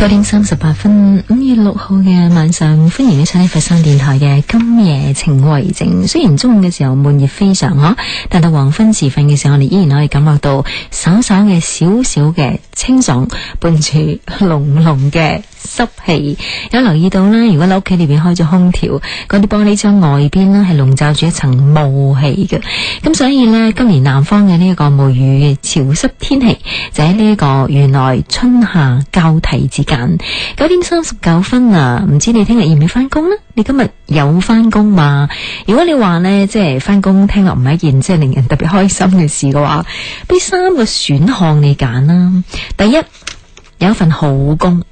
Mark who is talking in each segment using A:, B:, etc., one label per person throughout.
A: 九點三十八分，五月六號嘅晚上，歡迎你收聽佛山電台嘅《今夜情為證》。雖然中午嘅時候悶熱非常，但到黃昏時分嘅時候，我哋依然可以感覺到稍稍嘅、少少嘅清爽，伴住濃濃嘅。隆隆濕氣有留意到啦，如果你屋企裏邊開咗空調，嗰啲玻璃窗外邊呢係籠罩住一層霧氣嘅。咁所以呢，今年南方嘅呢一個梅雨潮濕天氣，就喺呢一個原來春夏交替之間。九點三十九分啊，唔知你聽日要唔要翻工呢？你今日有翻工嘛？如果你話呢，即係翻工聽落唔係一件即係令人特別開心嘅事嘅話，俾三個選項你揀啦。第一，有一份好工。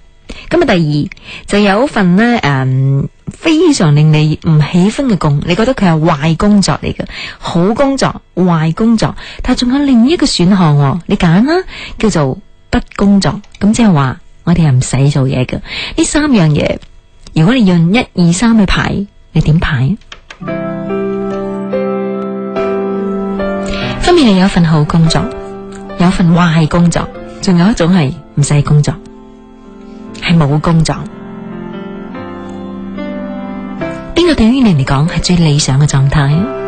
A: 咁啊，第二就有一份咧，誒、嗯，非常令你唔喜歡嘅工，你覺得佢係壞工作嚟嘅，好工作、壞工作，但係仲有另一個選項，哦，你揀啦，叫做不工作，咁即係話我哋係唔使做嘢嘅。呢三樣嘢，如果你用一二三去排，你點排啊？分別你有一份好工作，有一份壞工作，仲有一種係唔使工作。係冇工作，邊個對於你嚟講係最理想嘅狀態？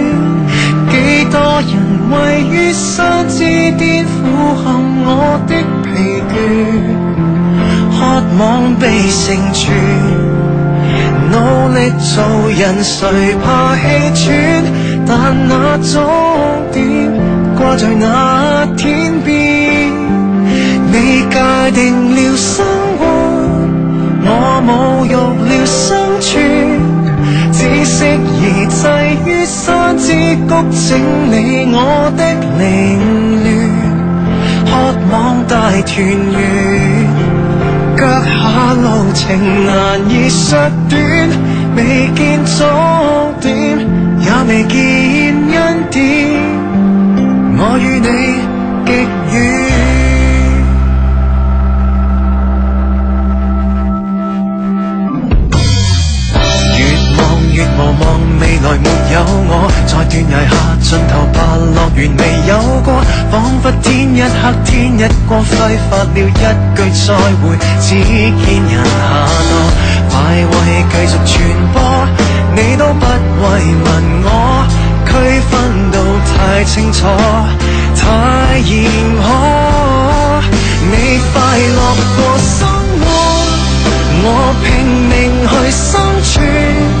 B: 多人位於山之巔俯瞰我的疲倦，渴望被成全，努力做人誰怕氣喘？但那終點掛在那天邊，你界定了生活，我侮辱了生存。適宜棲於山之谷，整理我的凌亂，渴望大團圓。腳下路程難以削短，未見終點，也未見恩典。我與你。未來沒有我，在斷崖下盡頭白樂園未有過，彷彿天一黑天一光，揮發了一句再會，只見人下墮。快慰繼續傳播，你都不慰問我，區分到太清楚，太嚴苛。你快樂過生活，我拼命去生存。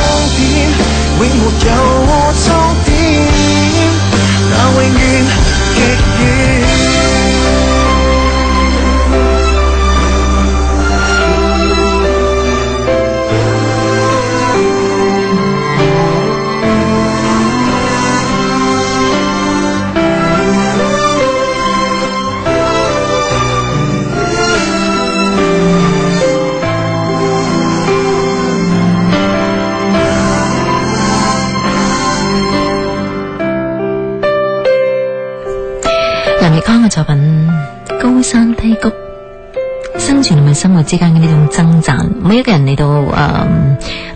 A: 生活之間嘅呢種掙扎，每一個人嚟到誒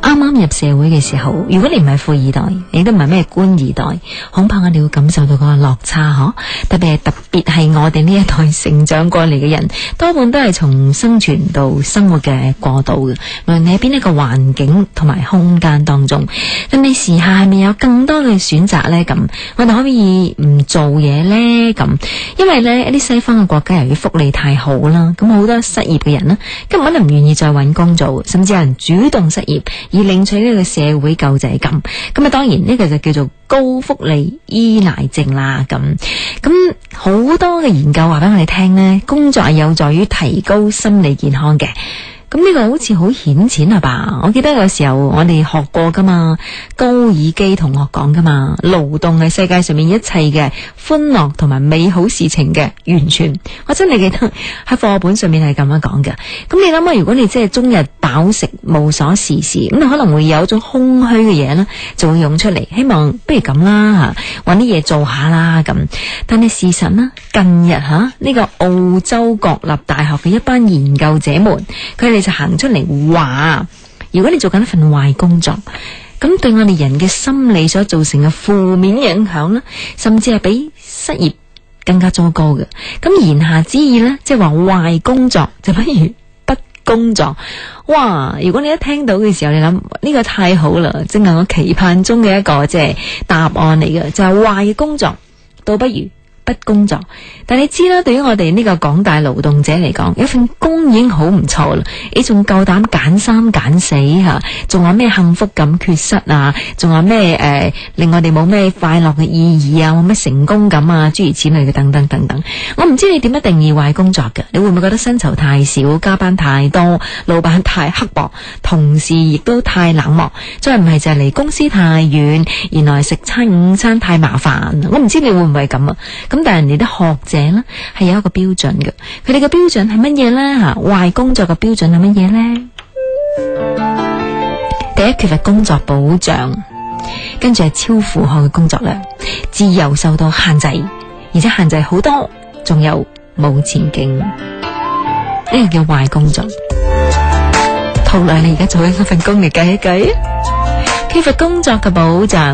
A: 啱啱入社會嘅時候，如果你唔係富二代，你都唔係咩官二代，恐怕你會感受到個落差嗬，特別係特。亦係我哋呢一代成長過嚟嘅人，多半都係從生存到生活嘅過渡嘅。無論你喺邊一個環境同埋空間當中，咁你時下係咪有更多嘅選擇呢？咁我哋可以唔做嘢呢？咁因為呢，一啲西方嘅國家由於福利太好啦，咁好多失業嘅人呢，根本就唔願意再搵工做，甚至有人主動失業而領取呢個社會救濟金。咁啊，當然呢個就叫做。高福利依賴症啦，咁咁好多嘅研究話俾我哋聽咧，工作係有助於提高心理健康嘅。咁呢個好似好顯淺啊吧？我記得有時候我哋學過噶嘛，高爾基同學講噶嘛，勞動係世界上面一切嘅歡樂同埋美好事情嘅源泉。我真係記得喺課本上面係咁樣講嘅。咁你諗下，如果你即係終日飽食無所事事，咁你可能會有一種空虛嘅嘢咧，就會湧出嚟。希望不如咁啦，揾啲嘢做下啦咁。但係事實呢？近日吓呢個澳洲國立大學嘅一班研究者們，佢哋就行出嚟話，如果你做緊一份壞工作，咁對我哋人嘅心理所造成嘅負面影響咧，甚至係比失業更加糟糕嘅。咁言下之意咧，即係話壞工作就不如不工作。哇！如果你一聽到嘅時候，你諗呢個太好啦，正係我期盼中嘅一個即係答案嚟嘅，就係壞工作倒不如，不工作，但你知啦，對於我哋呢個廣大勞動者嚟講，一份工已經好唔錯啦，你仲夠膽揀三揀四吓、啊，仲有咩幸福感缺失啊？仲有咩誒、呃、令我哋冇咩快樂嘅意義啊？冇咩成功感啊？諸如此類嘅等等等等，我唔知你點樣定義壞工作嘅？你會唔會覺得薪酬太少、加班太多、老闆太刻薄、同事亦都太冷漠？再唔係就係離公司太遠，原來食餐午餐太麻煩。我唔知你會唔會咁啊？咁但係人哋啲學者咧，係有一個標準嘅。佢哋嘅標準係乜嘢咧？吓，壞工作嘅標準係乜嘢咧？第一，缺乏工作保障，跟住係超負荷嘅工作量，自由受到限制，而且限制好多，仲有冇前景？呢個叫壞工作。同埋你而家做緊嗰份工嚟，計一計，缺乏工作嘅保障。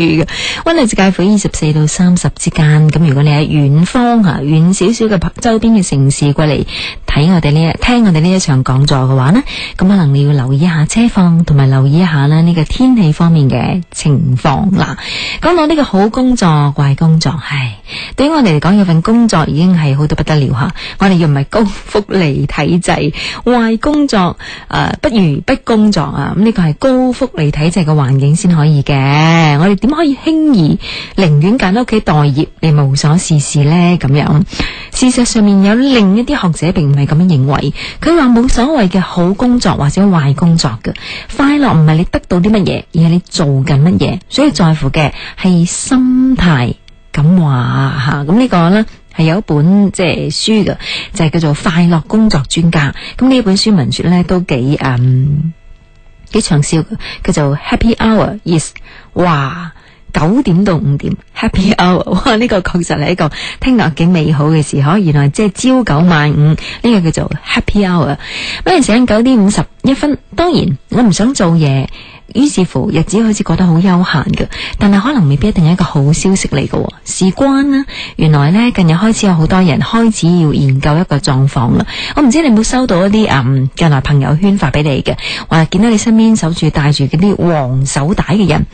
A: 嘅溫度介乎二十四到三十之間，咁如果你喺遠方啊遠少少嘅周邊嘅城市過嚟睇我哋呢一聽我哋呢一場講座嘅話咧，咁可能你要留意一下車況，同埋留意一下咧呢個天氣方面嘅情況啦。講到呢個好工作，怪工作，唉、哎。對於我哋嚟講，有份工作已經係好到不得了吓。我哋又唔係高福利體制，壞工作，誒、呃，不如不工作啊！咁呢個係高福利體制嘅環境先可以嘅。我哋點可以輕易寧願揀屋企待業，你無所事事呢？咁樣，事實上面有另一啲學者並唔係咁樣認為。佢話冇所謂嘅好工作或者壞工作嘅，快樂，唔係你得到啲乜嘢，而係你做緊乜嘢。所以在乎嘅係心態。咁話吓，咁呢、嗯這個呢，係有一本即係書噶，就係、是、叫做《快樂工作專家》嗯。咁呢本書文說呢，都幾誒幾長笑，叫做 Happy Hour Yes。哇，九點到五點 Happy Hour，哇，呢、這個確實係一個聽落幾美好嘅事嗬。原來即係朝九晚五，呢、這個叫做 Happy Hour。嗰陣時係九點五十一分，當然我唔想做嘢。於是乎，日子開始過得好悠閒嘅，但係可能未必一定係一個好消息嚟嘅。事關呢，原來呢，近日開始有好多人開始要研究一個狀況啦。我唔知你有冇收到一啲誒、嗯，近來朋友圈發俾你嘅，話見到你身邊守住帶住嗰啲黃手帶嘅人，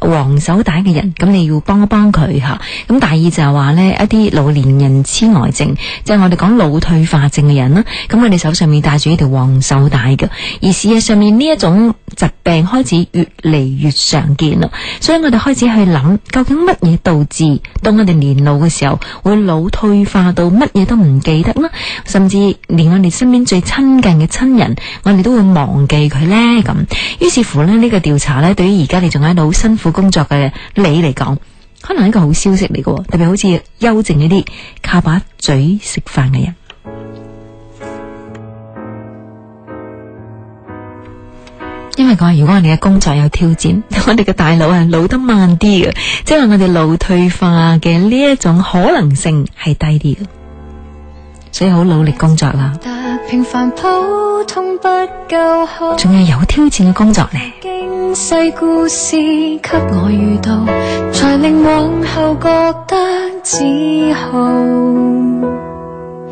A: 黃手帶嘅人，咁你要幫一幫佢吓。咁第二就係話呢，一啲老年人癡呆症，即係我哋講腦退化症嘅人啦。咁我哋手上面帶住呢條黃手帶嘅，而事實上面呢一種疾病開始。越嚟越常見啦，所以我哋開始去諗，究竟乜嘢導致當我哋年老嘅時候會腦退化到乜嘢都唔記得啦，甚至連我哋身邊最親近嘅親人，我哋都會忘記佢呢。咁於是乎呢，呢、呢個調查呢，對於而家你仲喺度好辛苦工作嘅你嚟講，可能係一個好消息嚟嘅，特別好似邱靜一啲靠一把嘴食飯嘅人。因為講，如果你嘅工作有挑戰，我哋嘅大腦係老得慢啲嘅，即係我哋腦退化嘅呢一種可能性係低啲嘅。所以好努力工作啦。
B: 平凡普通，仲係
A: 有，有挑戰嘅工作呢
B: 細故事給我遇到，才令往後覺得自豪。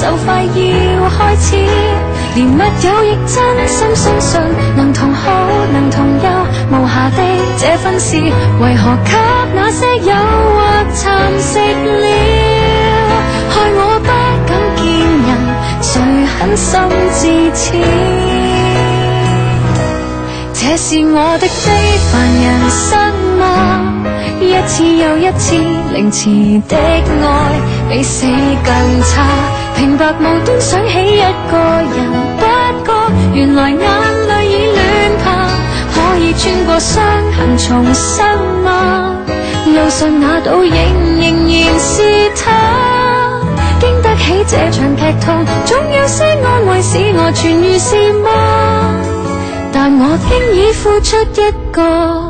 B: 就快要開始，連密友亦真心相信，能同好，能同憂，無瑕的這份事，為何給那些誘惑蠶食了？害我不敢見人，誰狠心至此？這是我的非凡人生嗎？一次又一次凌遲的愛，比死更差。平白無端想起一個人不過，不覺原來眼淚已亂爬。可以穿過傷痕重生嗎？啊？路上那倒影仍然是他。經得起這場劇痛，總有些安慰使我痊癒是嗎？但我經已付出一個。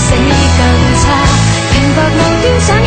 B: 死更差，平白無端想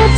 A: 好正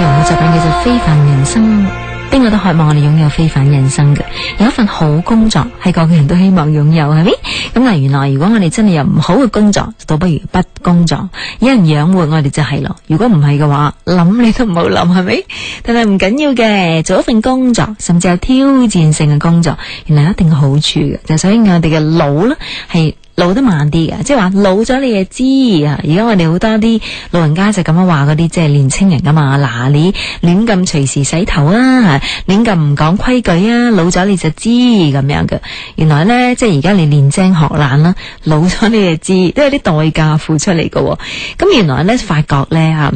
A: 如我作品叫做非凡人生，邊個都渴望我哋擁有非凡人生嘅，有一份好工作係個個人都希望擁有，係咪？咁嗱，原來如果我哋真係有唔好嘅工作，倒不如不工作，有人養活我哋就係咯。如果唔係嘅話，諗你都唔好諗，係咪？但係唔緊要嘅，做一份工作，甚至有挑戰性嘅工作，原來一定有好處嘅，就所以我哋嘅腦咧係。老得慢啲嘅，即係話老咗你就知啊！而家我哋好多啲老人家就咁樣話嗰啲即係年青人，噶嘛。嗱，你亂咁隨時洗頭啊，亂咁唔講規矩啊，老咗你就知咁樣嘅。原來呢，即係而家你練精學懶啦，老咗你就知，都有啲代價付出嚟嘅。咁原來呢，發覺呢，吓，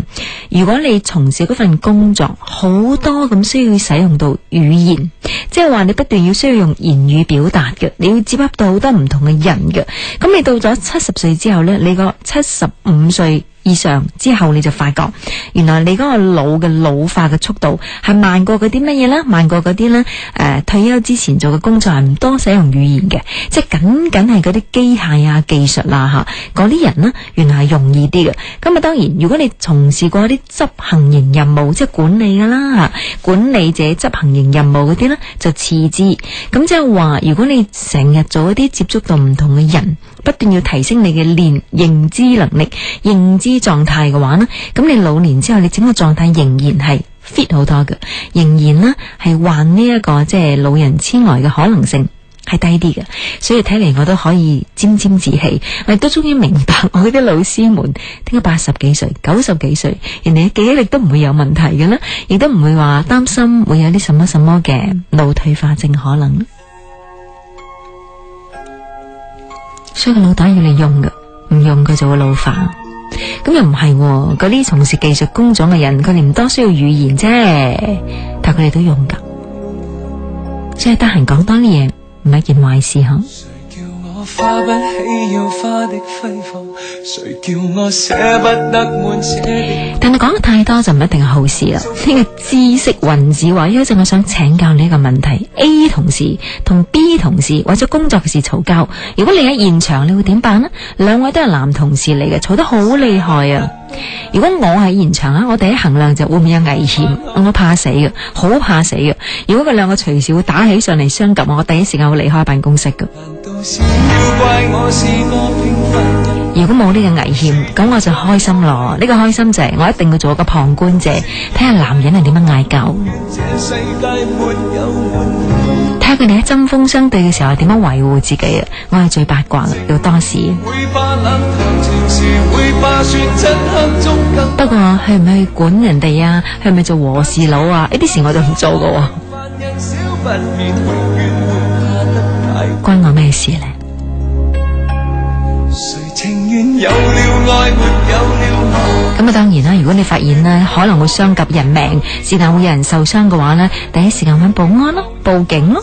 A: 如果你從事嗰份工作，好多咁需要使用到語言，即係話你不斷要需要用言語表達嘅，你要接洽到好多唔同嘅人嘅。咁你到咗七十歲之後咧，你個七十五歲。以上之後你就發覺，原來你嗰個腦嘅老化嘅速度係慢過嗰啲乜嘢咧？慢過嗰啲呢？誒、呃、退休之前做嘅工作係唔多使用語言嘅，即係僅僅係嗰啲機械啊、技術啦吓。嗰啲人呢、啊，原來係容易啲嘅。咁啊，當然如果你從事過啲執行型任務，即係管理噶啦，管理者執行型任務嗰啲呢，就次之。咁即係話，如果你成日做一啲接觸到唔同嘅人。不斷要提升你嘅練認知能力、認知狀態嘅話呢，咁你老年之後你整個狀態仍然係 fit 好多嘅，仍然呢係患，呢、這、一個即係老人癡呆嘅可能性係低啲嘅，所以睇嚟，我都可以沾沾自喜，我亦都終於明白我啲老師們點解八十幾歲、九十幾歲人哋嘅記憶力都唔會有問題嘅啦，亦都唔會話擔心會有啲什麼什麼嘅腦退化症可能。所以個腦袋要你用嘅，唔用佢就會老化。咁又唔係喎，嗰啲從事技術工種嘅人，佢哋唔多需要語言啫，但佢哋都用噶，所以得閒講多啲嘢，唔係一件壞事嗬、啊。
B: 我花不起要花的輝煌，誰叫我捨不得
A: 滿。但係講得太多就唔一定係好事啦。呢個知識云子話，一陣我想請教你一個問題。A 同事同 B 同事或者工作嘅事嘈交，如果你喺現場，你會點辦呢？兩位都係男同事嚟嘅，嘈得好厲害啊！如果我喺現場啊，我第一衡量就會唔會有危險，我怕死嘅，好怕死嘅。如果佢兩個隨時會打起上嚟，相及我，第一時間會離開辦公室噶。
B: 我我
A: 如果冇呢個危險，咁我就開心咯。呢、這個開心就係我一定要做一個旁觀者，睇下男人係點樣嗌交。佢哋喺針鋒相對嘅時候，點樣維護自己啊？我係最八卦，到當時。不過去唔去管人哋啊？係咪做和事佬啊？呢啲事我就唔做噶。關我咩事咧？咁啊，沒有當然啦。如果你發現咧可能會傷及人命，是但會有人受傷嘅話呢，第一時間搵保安咯，報警咯。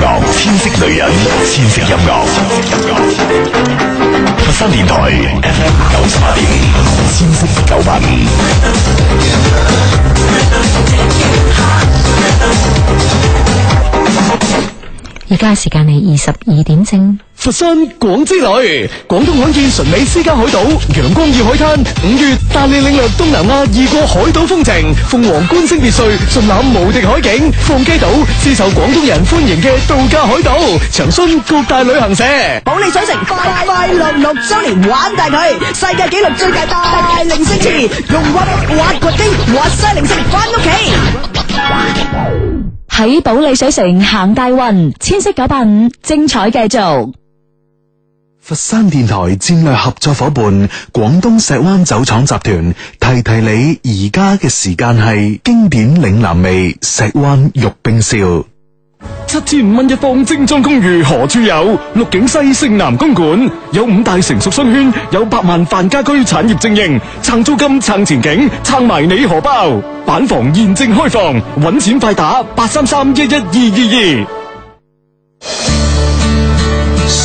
B: 千色女人，千色音樂，千色音樂，佛山電台 FM 九十八點五，千色九八五。
A: 而家時間係二十二點正。佛山廣之
B: 旅，廣東罕見純美私家海島，陽光與海灘，五月帶你領略東南亞異國海島風情，鳳凰觀星別墅盡覽無敵海景，放雞島是受廣東人歡迎嘅度假海島。長順各大旅行社，保利水城快快樂樂周年玩大佢，世界紀錄最大零星池，用玩玩過機，玩
A: 晒零食返屋企。喺保利水城行大運，千色九百五，精彩繼續。
B: 佛山電台戰略合作夥伴廣東石灣酒廠集團提提你，而家嘅時間係經典嶺南味石灣玉冰燒，七千五蚊一方精裝公寓何處有？綠景西星南公館有五大成熟商圈，有百萬泛家居產業正營，撐租金撐前景，撐埋你荷包。板房現正開放，揾錢快打八三三一一二二二。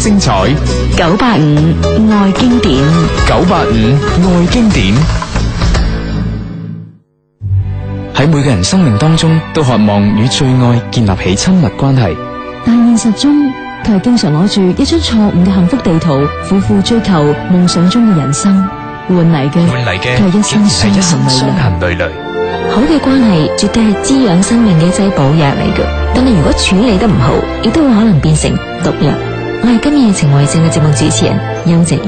B: 精彩九八五愛經典，九八五愛經典。喺每個人生命當中，都渴望與最愛建立起親密關係，
A: 但現實中佢係經常攞住一張錯誤嘅幸福地圖，苦苦追求夢想中嘅人生，換嚟嘅換嚟嘅佢係一身傷痕累累。類類，好嘅關係，絕對係滋養生命嘅一劑補藥嚟嘅，但係如果處理得唔好，亦都會可能變成毒藥。我係今夜情為證嘅節目主持人邱靜。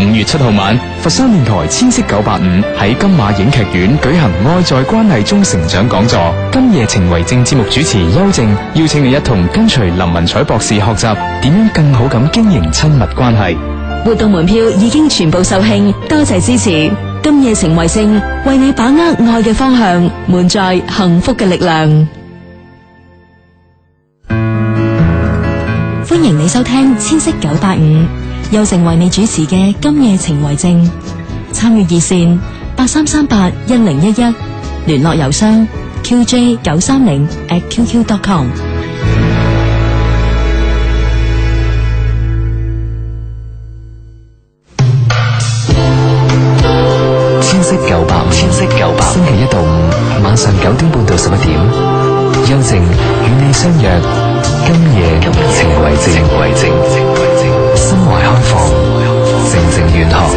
B: 五月七號晚，佛山電台千色九八五喺金馬影劇院舉行愛在關係中成長講座。今夜情為證節目主持邱靜邀請你一同跟隨林文采博士學習點樣更好咁經營親密關係。
A: 活動門票已經全部售罄，多謝支持。今夜情為證為你把握愛嘅方向，滿載幸福嘅力量。收聽千色九八五，邱靜為你主持嘅今夜情為證。參與熱線八三三八一零一一，聯絡郵箱 qj 九三零 atqq.com。千色九百，
B: 千色九百，星期一到五晚上九點半到十一點，邱靜與你相約。今夜，今夜情為證，心懷開放，靜靜遠航。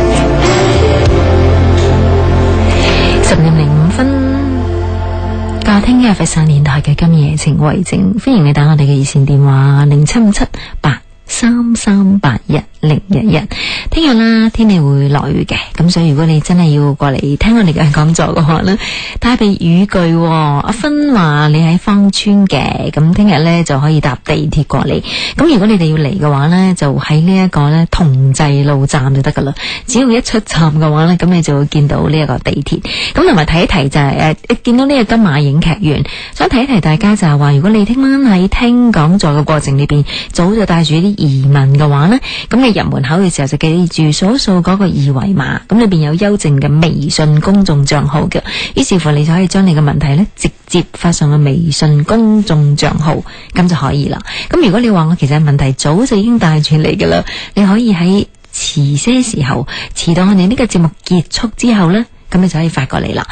A: 十點零五分，家聽嘅佛山電台嘅《今夜情為證》，歡迎你打我哋嘅熱線電話零七五七八三三八一。零日日，聽日啦，天氣會落雨嘅，咁所以如果你真係要過嚟聽我哋嘅講座嘅話呢，帶備雨具。嗯、阿芬話你喺芳村嘅，咁聽日呢就可以搭地鐵過嚟。咁如果你哋要嚟嘅話呢，就喺呢一個呢同濟路站就得噶啦。只要一出站嘅話呢，咁你就會見到呢一個地鐵。咁同埋提一提就係、是、誒、啊，見到呢個金馬影劇院，想提一提大家就係話，如果你聽晚喺聽講座嘅過程裏邊，早就帶住啲疑問嘅話呢。咁你。入門口嘅時候就記住掃一掃嗰個二維碼，咁裏邊有邱靜嘅微信公眾賬號嘅，於是乎你就可以將你嘅問題咧直接發上去微信公眾賬號，咁就可以啦。咁如果你話我其實問題早就已經帶住嚟噶啦，你可以喺遲些時候，遲到我哋呢個節目結束之後呢，咁你就可以發過嚟啦。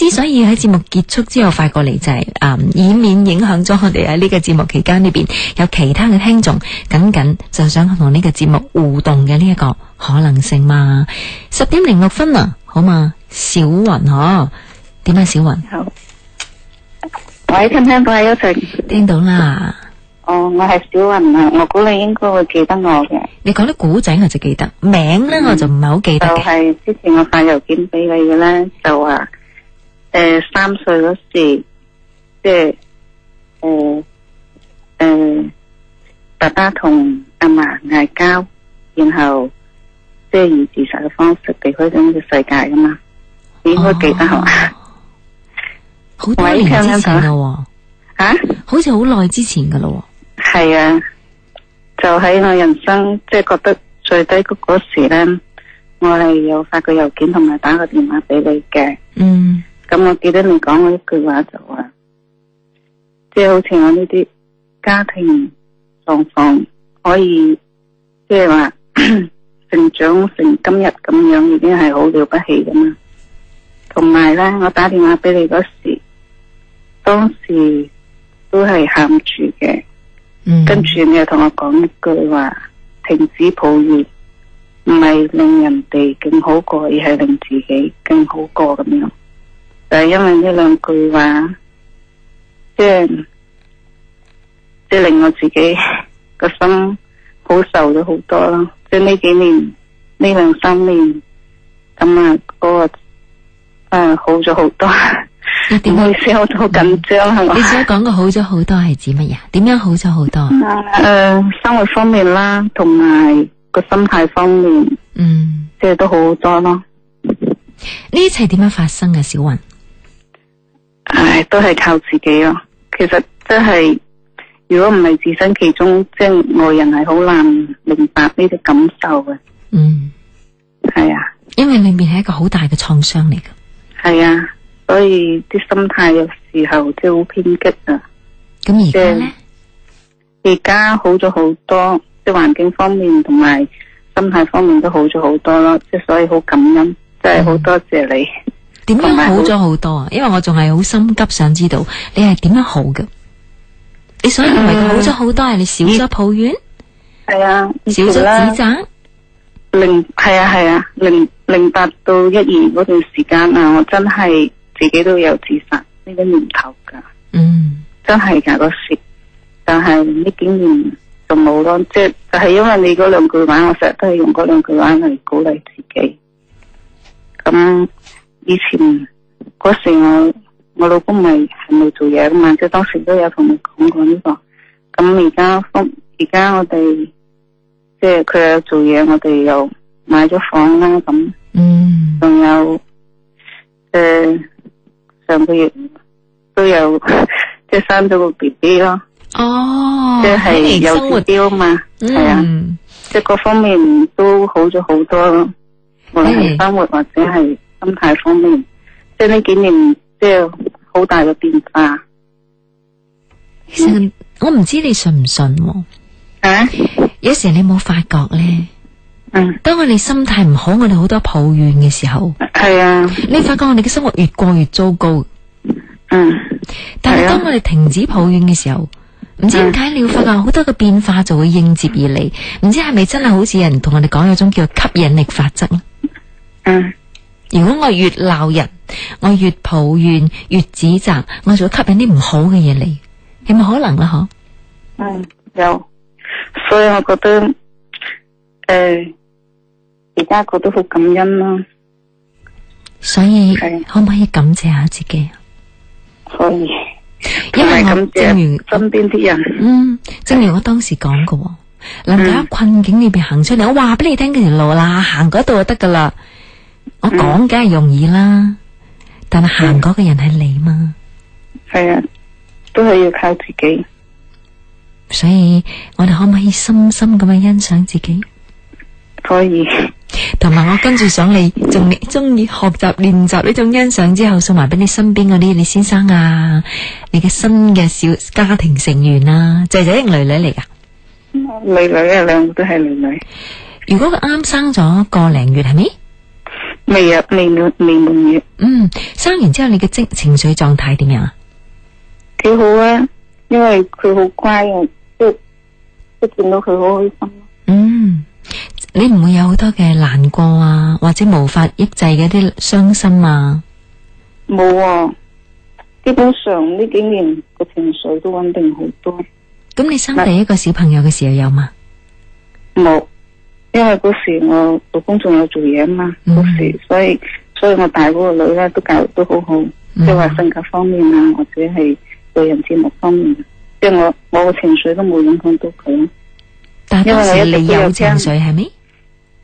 A: 之所以喺節目結束之後發過嚟，就係、是、誒、嗯，以免影響咗我哋喺呢個節目期間呢邊有其他嘅聽眾，緊緊就想同呢個節目互動嘅呢一個可能性嘛。十點零六分啊，好嘛，小云嗬，點啊？小云，你好，喂，聽聽到阿邱靜，呃、聽到啦。哦，我係小云啊，我估你
C: 應該會記得我嘅。你講啲古
A: 仔我就記得，名咧我就唔係好記得嘅。係、嗯就是、之前我發郵件俾你
C: 嘅啦，就話。誒、呃，三歲嗰時，即係誒誒，爸爸同阿嫲嗌交，然後即係以自殺嘅方式離開咗呢個世界噶嘛？你應該記得係嘛？好、哦、 多年之前咯，我聽啊，好似好
A: 耐之前噶
C: 咯。係啊，就喺我人生即係覺得最低谷嗰時咧，我哋有發個郵件同埋打個電話俾你嘅。嗯。咁我記得你講過一句話，就范范，就話即係好似我呢啲家庭狀況可以即係話成長成今日咁樣，已經係好了不起噶嘛。同埋咧，我打電話俾你時，當時都係喊住嘅，mm hmm. 跟住你又同我講一句話：停止抱怨，唔係令人哋更好過，而係令自己更好過咁樣。就係因為呢兩句話，即係即係令我自己個心好受咗好多咯。即係呢幾年呢兩三年，咁、那、啊、個，我、呃、啊好咗好多。唔麼好意思，嗯、我都好緊張係嘛？嗯、吧你而家講嘅好咗好多
A: 係指乜嘢？點樣好咗好多？誒、呃，生活方面啦，同埋個
C: 心態方面，嗯，即係都好多咯。呢一切點樣發
A: 生嘅，小雲？唉，嗯、都係靠自
C: 己咯。其實真係，如果唔係置身其中，即係外人係好難明白呢啲感受嘅。嗯，
A: 係啊，因為裏面係一個好大嘅創傷嚟㗎。係
C: 啊，所以啲心態有時候即係好偏激啊。咁而家咧？而家好咗好多，即係環境方面同埋心態方面都好咗好多咯。即係所以好感恩，真係好多謝你。點樣好咗
A: 好多啊？因為我仲係好心急，想知道你係點樣好嘅。
C: 你所以認為好咗好多係你少咗抱怨，係 啊，少咗指責。零係啊係啊，啊，零零八到一二嗰段時間啊，我真係自己都有自殺呢個念頭噶。嗯，真係噶個事，但係呢幾年就冇咯。即係，就係、是、因為你嗰兩句話，我成日都係用嗰兩句話嚟鼓勵自己咁。以前嗰時我我老公咪係冇做嘢嘛，即係當時都有同佢講過呢、這個。咁而家而家我哋即係佢又做嘢，我哋又買咗房啦咁。嗯，仲有誒、呃、上個月都有即係生咗個 B B 咯。哦，即係有目
B: 標啊
C: 嘛，係、嗯、啊，即係各方面都好咗好多咯。無論係生活、嗯、或者係。心態方
A: 面，即呢幾年即好大嘅變化。其實我唔知你信唔信、啊、有時你冇發覺呢，嗯、啊。當我哋心態唔好，我哋好多抱怨嘅時候。係啊。你發覺我哋嘅生活越過越糟糕。嗯、啊。但係當我哋停止抱怨嘅時候，唔、啊、知點解你會發覺好多嘅變化就會應接而嚟。唔知係咪真係好似人同我哋講有種叫吸引力法則咧？嗯、啊。如果我越鬧人，我越抱怨，越指責，我就會吸引啲唔好嘅嘢嚟，係咪、嗯、可能啦？嗬，嗯，
C: 有，所以我覺得，誒、呃，而家覺得好感恩啦、
A: 啊。
C: 所以、嗯、
A: 可唔可以感謝下自己啊？可以，因為我正如身邊啲人，嗯，正如我當時講嘅，能夠喺困境裏邊、嗯、行出嚟，我話俾你聽，嗰條路啦，行嗰度就得噶啦。我講梗係容易啦，但係行過嘅人係你嘛？
C: 係啊，都係要靠自
A: 己。所以我哋可唔可以深深咁樣欣賞自己？可以。同埋我跟住想你仲中意學習練習呢種欣賞之後，送埋俾你身邊嗰啲你先生啊，你嘅新嘅小家庭成員啊，仔仔女女嚟㗎？女女啊，
C: 兩個都係女
A: 女。如果佢啱生咗個零月係咪？
C: 未啊，未滿，未滿月。
A: 嗯，生完之後你嘅即情緒狀態點樣啊？
C: 幾好啊，因為佢好乖，亦都亦見
A: 到佢好開心。嗯，你唔會有好多嘅難過啊，或者無法抑制嘅啲傷心啊？冇
C: 啊，基本上呢幾年個情緒都穩定好多。
A: 咁你生第一個小朋友嘅時候有嗎？
C: 冇。因為嗰時我老公仲有做嘢嘛，嗰時、嗯、所以所以我大嗰個女咧都教育都好好，即係話性格方面啊，或者係對人節目方面、啊，即、就、係、是、我我個情緒都冇影響到佢、啊。但係當
A: 時你有
C: 聽係咪？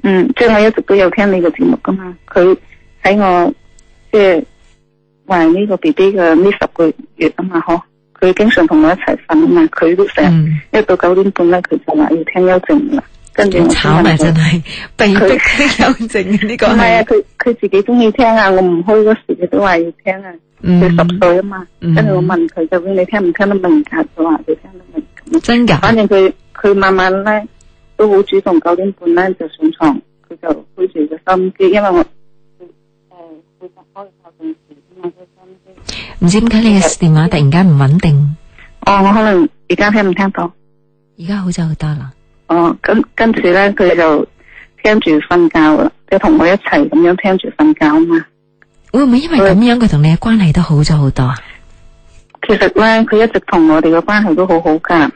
C: 嗯，即、就、係、是、我一直都有聽你嘅節目噶嘛。佢喺我即係懷呢個 B B 嘅呢十個月啊嘛，嗬，佢經常同我一齊瞓啊嘛，佢都成日、嗯、一到九點半咧，佢就話要聽邱靜啦。跟住炒埋真係，他逼迫呢 他個唔係啊，佢佢自己中意聽啊，我唔開嗰時佢都話要聽啊。佢、嗯、十歲啊嘛，跟住、嗯、我問佢究竟你聽唔聽得明白，佢話就聽得明。真噶？反正佢佢慢慢咧都好主動，九點半咧就上床，佢就開住個心機，因為我哦開開
A: 電視啊嘛，開心機。唔、呃、知點解你嘅電話突然間唔穩定？哦，我可能而家聽唔聽到，而家好咗好多啦。
C: 哦，咁跟住咧，佢就聽住瞓覺啦，佢同我一齊咁樣聽住瞓覺啊嘛。會唔會因為
A: 咁樣，佢同會你嘅關係都好咗好多啊？
C: 其實咧，佢一直同我哋嘅關係都好好噶。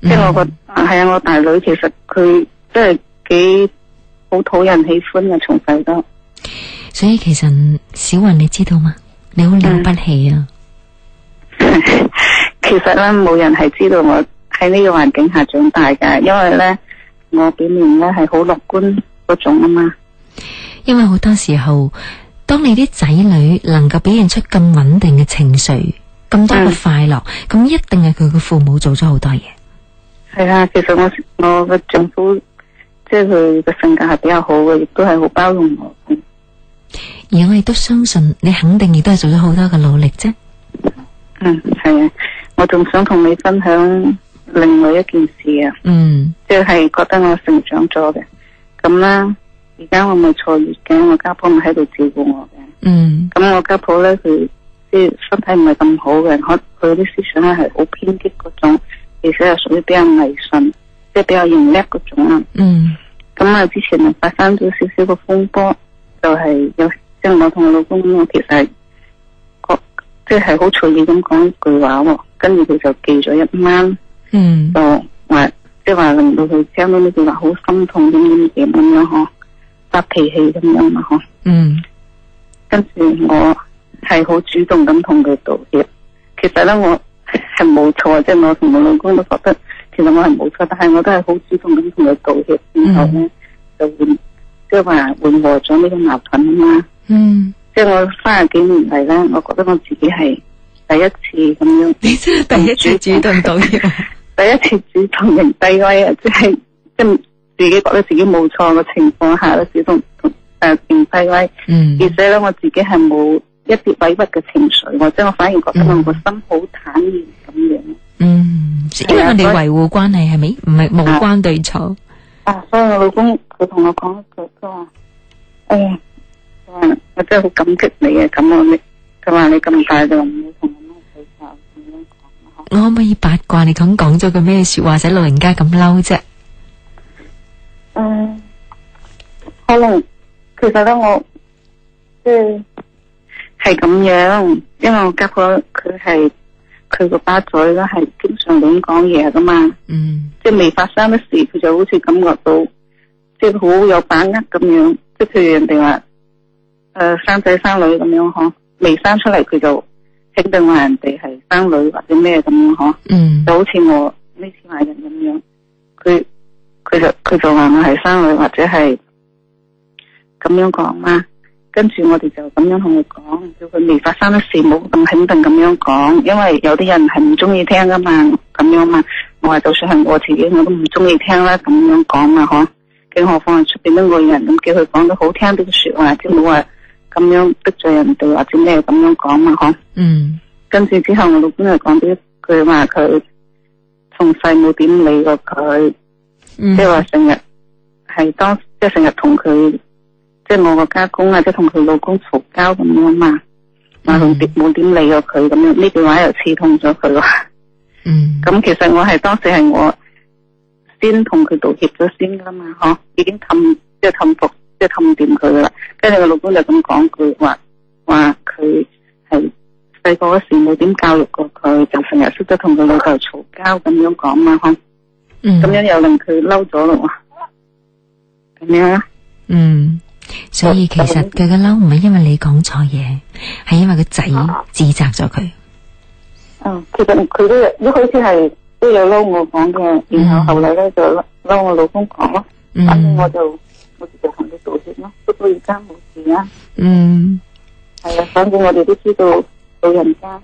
C: 即係、嗯、我個，係啊，我大女其實佢都係幾好討人喜歡啊，從細都。
A: 所以其實小雲，你知道嗎？你好了、嗯、不起啊！
C: 其實咧，冇人係知道我。喺呢個環境下長大嘅，因為咧我表面咧係好樂觀嗰種啊嘛。
A: 因為好多時候，當你啲仔女能夠表現出咁穩定嘅情緒，咁多嘅快樂，咁、嗯、一定係佢嘅父母做咗好多嘢。
C: 係啦、嗯，其實我我嘅丈夫，即係佢嘅性格係比較好嘅，亦都係好包容我。
A: 而我亦都相信，你肯定亦都係做咗好多嘅努力啫。嗯，
C: 係啊，我仲想同你分享。另外一件事啊，嗯，即係覺得我成長咗嘅，咁啦，而家我咪坐月嘅，我家婆喺度照顧我嘅，嗯，咁我家婆咧佢即係身體唔係咁好嘅，我佢啲思想咧係好偏激嗰種，而且係屬於比較迷信，即係比較型叻嗰種啊，嗯，咁啊之前啊發生咗少少個風波，就係有即係我同我老公我其實，即係好隨意咁講一句話喎，跟住佢就記咗一晚。嗯，就話即係話令到佢聽到呢句話好心痛咁樣咁樣嗬，發脾氣咁樣嘛嗬。嗯，跟住我係好主動咁同佢道歉。其實咧我係冇錯，即係我同我老公都覺得，其實我係冇錯，但係我都係好主動咁同佢道歉，然後咧就換即係話緩和咗呢個矛盾啊嘛。嗯，即係我三十幾年嚟咧，我覺得我自己係第一次咁樣，你真第一次主動道歉。葉 第一次主動認低威啊，即係即係自己覺得自己冇錯嘅情況下咧，主動誒認低威。嗯，而且咧我自己係冇一啲委屈嘅情緒，或者我反而覺得我個心好坦然咁樣。
A: 嗯，因為我哋維護關係係咪？唔係無關對錯。
C: 啊，所以我老公佢同我講一句，佢話，誒、哎，我真係好感激你啊！咁我你，佢話你咁大就唔要同。我可唔可
A: 以八卦？你咁講咗句咩說話，使老人家咁嬲啫？嗯，
C: 可能其實咧，我即係咁樣，因為我家婆佢係佢個巴嘴啦，係經常咁講嘢噶嘛。嗯，即係未發生嘅事，佢就好似感覺到，即係好有把握咁樣。即係譬如人哋話，誒、呃，生仔生女咁樣嗬，未生出嚟佢就。肯定話人哋係生女或者咩咁嗬，嗯、就好似我呢次話人咁樣，佢佢就佢就話我係生女或者係咁樣講嘛，跟住我哋就咁樣同佢講，叫佢未發生嘅事冇咁肯定咁樣講，因為有啲人係唔中意聽噶嘛，咁樣嘛。我話就算係我自己，我都唔中意聽啦，咁樣講嘛，嗬。更何況係出邊呢個人咁叫佢講到好聽啲說話，即係冇話。咁樣逼住人哋或者咩咁樣講嘛，嗬？嗯。跟住之後，我老公就講啲，佢話佢從細冇點理過佢，即係話成日係當即係成日同佢，即係我個家公啊，即係同佢老公嘈交咁樣嘛，冇點冇點理過佢咁樣，呢段、嗯、話又刺痛咗佢咯。嗯。咁、嗯、其實我係當時係我先同佢道歉咗先噶嘛，嗬？已經氹即係氹服。即係氹掂佢啦，跟住個老公就咁講佢話，話佢係細個嗰時冇點教育過佢，就成日識得同個老豆嘈交咁樣講嘛，咁樣，嗯，咁樣又令佢嬲咗咯，咁樣。嗯，
A: 所以其實佢嘅嬲唔係因為你講錯嘢，係因為個仔自責咗佢。嗯，
C: 其實佢都都好似係都有嬲我講嘅，然後後來咧就嬲我老公講咯，咁我就。我自己同佢道歉咯，不過而家冇事啦。嗯，係啊，反正我哋都知道老人家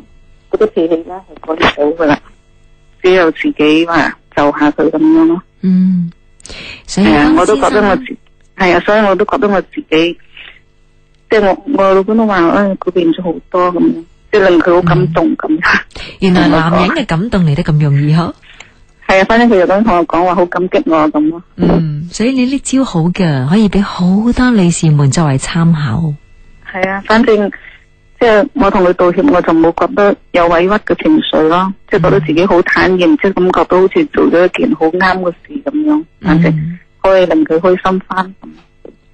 C: 嗰啲脾氣咧係改唔到噶啦，只有自己話就下佢咁樣咯。嗯，係啊，我都覺得我自係啊，所以我都覺得我自己，即係我我老公都話啊，佢變咗好多咁，即係令佢好感動咁。原來男人嘅感動嚟得咁容易呵？係啊，反正佢就咁同我
A: 講話，好感激我咁咯。嗯，所以你呢招好嘅，可以俾好多女士們作為參考。
C: 係啊，反正即係我同佢道歉，我就冇覺得有委屈嘅情緒咯，即係覺得自己好坦然，即係、嗯、感覺到好似做咗一件好啱嘅事咁樣。反
A: 正、嗯，可以令佢開心翻。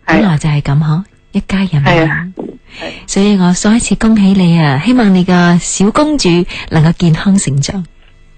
A: 本來就係咁嗬，一家人。係啊。所以我再一次恭喜你啊！希望你個小公主能夠健康成長。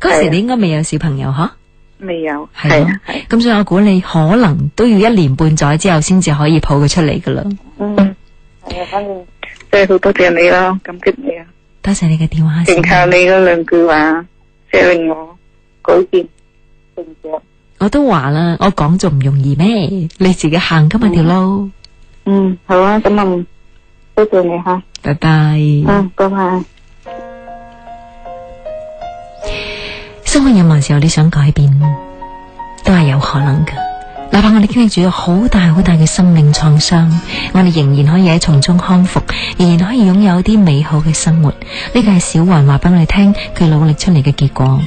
A: 嗰時你應該未有小朋友吓，
C: 未有
A: 係啊，咁所以我估你可能都要一年半載之後先至可以抱佢出嚟噶啦。嗯，係啊，反正即係好多謝你啦，感激你啊。多謝你嘅電話，全靠你
C: 嗰兩句話，即係令我改變
A: 成果。我都話啦，我講就唔容易咩？你自己行今日條路。嗯，好啊，
C: 咁啊，多
A: 謝你吓，拜拜。嗯，拜
C: 拜。
A: 生命有埋時候你想改變，都係有可能嘅。哪怕我哋經歷住好大好大嘅心靈創傷，我哋仍然可以喺從中康復，仍然可以擁有啲美好嘅生活。呢個係小雲話俾我哋聽，佢努力出嚟嘅結果，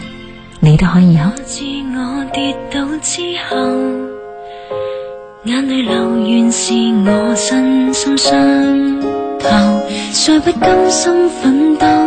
A: 你都可以。我知
B: 我跌倒之後，眼淚流完，是我身心傷透，誰不甘心奮鬥呵。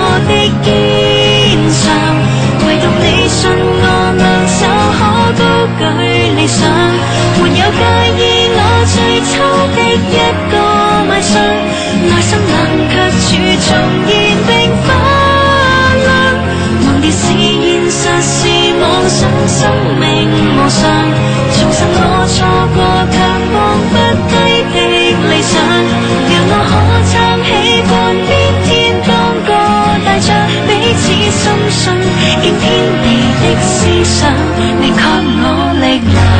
B: 理想，沒有介意我最初的一個賣相，內心冷卻處重現並發亮。忘掉是現實，是妄想，生，生命無常，重生我錯過，卻放不低的理想。讓我可撐起半邊天，當個大將，彼此相信，見天地的思想，你給我力量。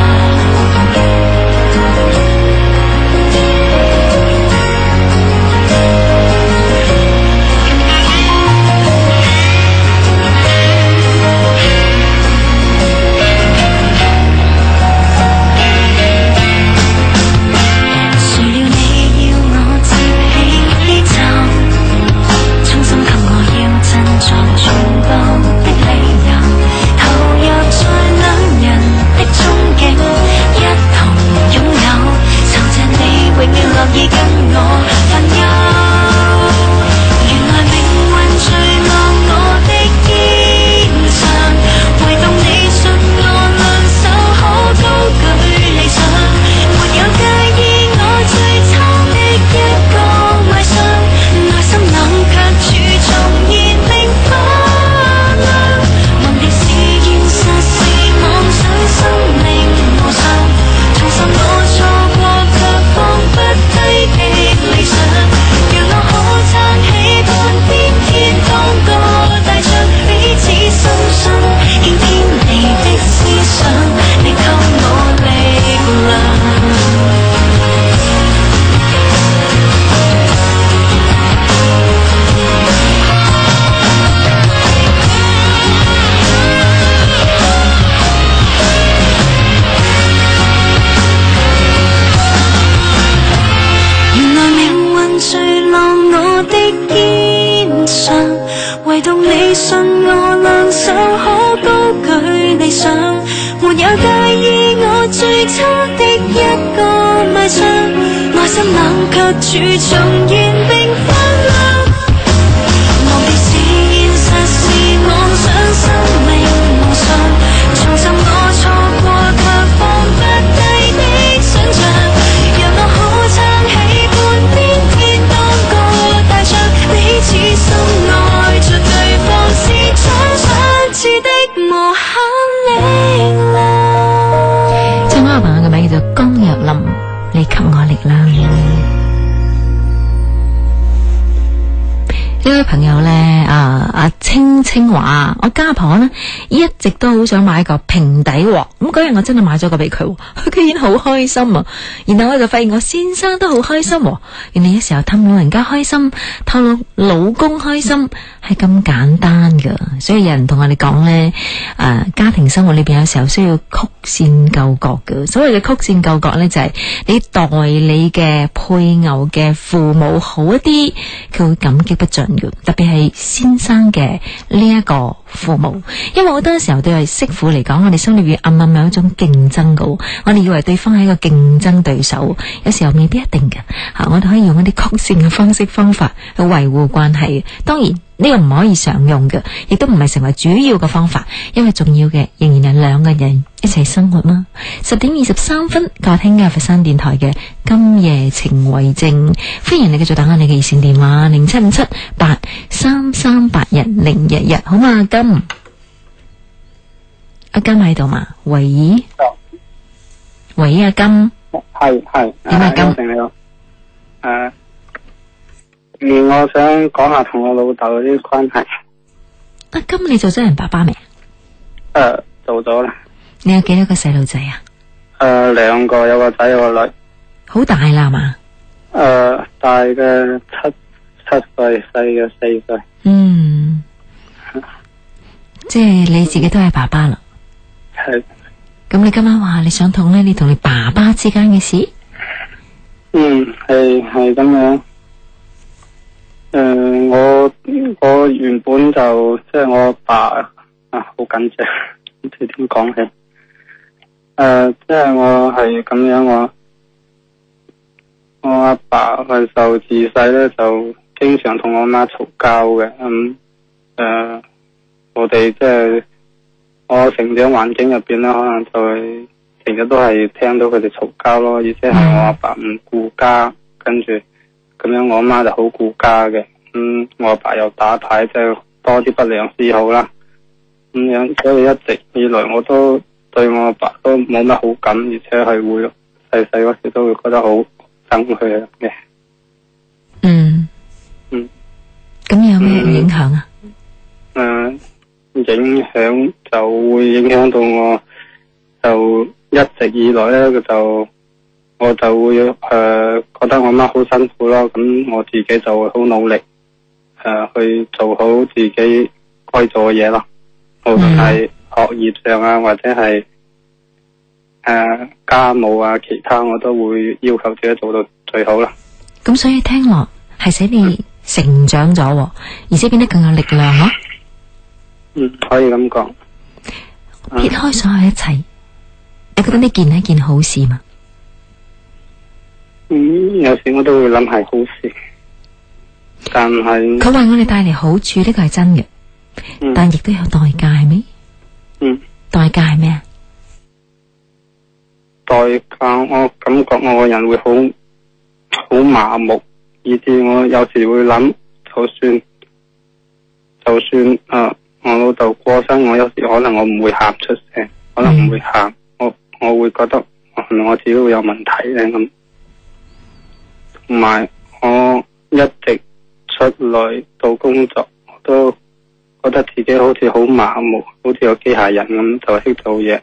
A: 好想買個平底鑊，咁嗰日我真係買咗個俾佢，佢居然好開心啊！然後我就發現我先生都好開心，啊，原來有時候氹老人家開心，氹老公開心係咁，嗯、簡單噶。所以有人同我哋講呢，誒、呃，家庭生活裏邊有時候需要曲線救國嘅。所謂嘅曲線救國呢、就是，就係你待你嘅配偶嘅父母好一啲，佢會感激不盡嘅。特別係先生嘅呢一個。父母，因為好多時候對係媳婦嚟講，我哋心裏邊暗暗有一種競爭噶，我哋以為對方係一個競爭對手，有時候未必一定嘅吓、啊，我哋可以用一啲曲線嘅方式方法去維護關係。當然呢、呢個唔可以常用嘅，亦都唔係成為主要嘅方法，因為重要嘅仍然係兩個人一齊生活嘛。十點二十三分，我聽緊佛山電台嘅。今夜情為證，歡迎你繼續打開你嘅熱線電話零七五七八三三八一零一一，好嘛？金，阿金喺度嘛？維儀，維儀，阿金，
D: 係係點啊？金，係啊，嗯，我想講下同我老豆啲
A: 關係。阿金，你做咗人爸爸未？
D: 誒，做咗啦。
A: 你有幾多個細路仔啊？
D: 誒，兩個，有個仔，有個女。
A: 好大啦嘛？
D: 誒、uh,，大嘅七七歲，細嘅四歲。嗯，
A: 即係你自己都係爸爸啦。係是。咁你今晚話你想同咧？你同你爸爸之間嘅事？
D: 嗯，係係咁樣。誒、呃，我我原本就即係我爸啊，好緊張，唔知點講起。誒、呃，即係我係咁樣話。我阿爸佢就自細咧，就經常同我媽嘈交嘅咁誒，我哋即係我成長環境入邊啦，可能就係成日都係聽到佢哋嘈交咯，而且係我阿爸唔顧家，跟住咁樣我阿媽就好顧家嘅，咁、嗯，我阿爸、爸又打牌，即、就、係、是、多啲不良嗜好啦。咁、嗯、樣所以一直以來我都對我阿爸、爸都冇乜好感，而且係會細細嗰時都會覺得好。
A: 影響嘅，嗯，嗯，咁有咩影響啊？
D: 誒、嗯呃，影響就會影響到我，就一直以來咧，就我就會誒、呃、覺得我媽好辛苦囉。咁我自己就會好努力，誒、呃、去做好自己該做嘅嘢囉。無論係學業上啊，嗯、或者係。誒，uh, 家務啊，其他我都會要求自己做到最好啦。
A: 咁所以聽落係使你成長咗，嗯、而且變得更有力量囉，啊。嗯，
D: 可以咁講。
A: 撇開所有一切，嗯、你覺得呢件係一件好事嘛？嗯，
D: 有時我都會諗係好事，但係佢為
A: 我哋帶嚟好處呢個係真嘅，但亦都有代價係咩？嗯，代價係咩啊？
D: 再教我感覺我個人會好好麻木，以至我有時會諗，就算就算啊，我老豆過身，我有時可能我唔會喊出聲，可能唔會喊，嗯、我我會覺得、嗯、我自己會有問題咧咁。同埋我一直出來到工作，我都覺得自己好似好麻木，好似個機械人咁，就識做嘢，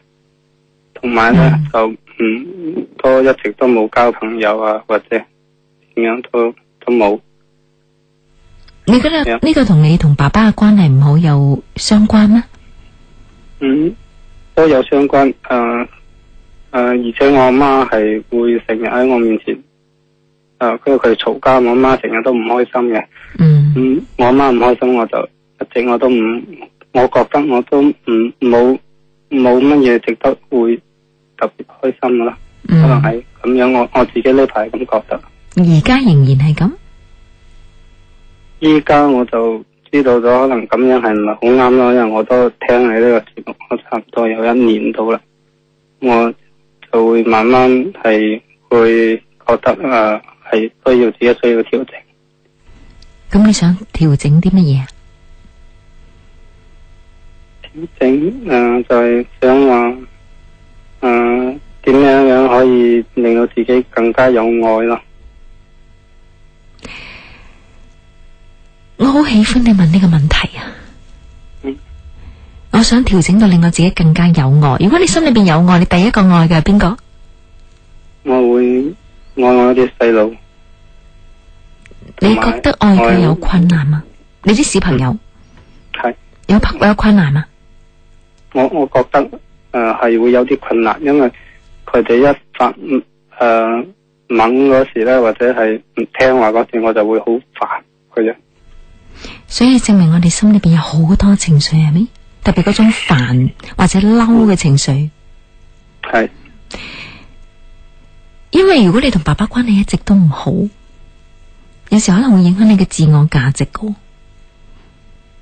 D: 同埋咧就。嗯，都一直都冇交朋友啊，或者點樣都都冇。
A: 你覺得呢個同你同爸爸嘅關係唔好有相關咩？嗯，
D: 都有相關。誒、呃、誒、呃，而且我阿媽係會成日喺我面前，誒、呃，跟住佢哋嘈交，我阿媽成日都唔開心嘅。嗯，嗯，我阿媽唔開心，我就一直我都唔，我覺得我都唔冇冇乜嘢值得會。特別開心噶啦。
A: 嗯、可能係
D: 咁樣，我我自己都係咁覺得。
A: 而家仍然係咁，
D: 依家我就知道咗，可能咁樣係唔係好啱咯，因為我都聽你呢個節目，我差唔多有一年到啦，我就會慢慢係去覺得啊，係需要自己需要調整。
A: 咁、嗯、你想調整啲乜嘢？調整啊、呃，就
D: 係、是、想話。嗯，點樣樣可以令到自己更加有愛咯？
A: 我好喜歡你問呢個問題啊！嗯、我想調整到令我自己更加有愛。如果你心裏邊有愛，嗯、你第一個愛嘅係邊個？
D: 我會愛我啲細路。
A: 你覺得愛佢有困難嗎、啊？嗯、你啲小朋友係、嗯、有、有困難嗎、
D: 啊？我我覺得。誒，係、呃、會有啲困難，因為佢哋一發誒、呃、猛嗰時咧，或者係唔聽話嗰時，我就會好煩佢嘅。
A: 所以證明我哋心裏邊有好多情緒，係咪？特別嗰種煩或者嬲嘅情緒係。嗯、因為如果你同爸爸關係一直都唔好，有時可能會影響你嘅自我價值㗎、哦。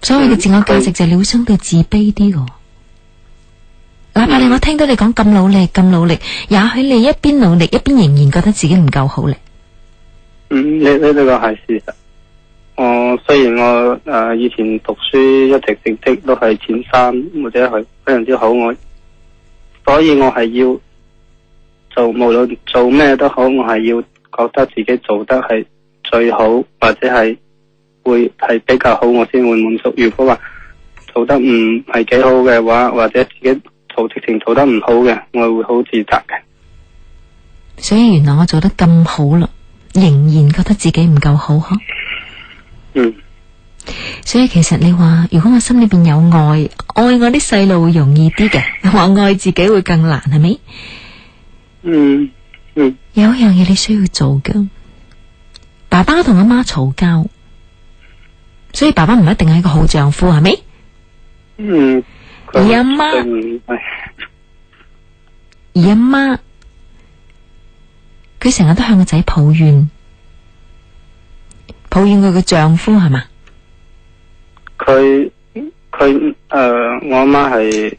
A: 所謂嘅自我價值就係你會相對自卑啲個、哦。哪怕你我聽到你講咁努力咁努力，也許你一邊努力一邊仍然覺得自己唔夠好咧。
D: 嗯，你呢、這個係事實。我雖然我誒、呃、以前讀書一直成績都係前三或者係非常之好，我所以我係要做無論做咩都好，我係要覺得自己做得係最好或者係會係比較好，我先會滿足。如果話做得唔係幾好嘅話，或者自己。
A: 做事情做得唔好嘅，我會好自責嘅。所以原來我做得咁好啦，仍然覺得自己唔夠好嗬，嗯。所以其實你話，如果我心裏邊有愛，愛我啲細路會容易啲嘅，話愛自己會更難係咪？嗯，嗯嗯。有一樣嘢你需要做㗎，爸爸同阿媽嘈交，所以爸爸唔一定係一個好丈夫係咪？嗯。
B: 而阿媽，
A: 而阿媽，佢成日都向個仔抱怨，抱怨佢嘅丈夫係嘛？
D: 佢佢誒，我阿媽係，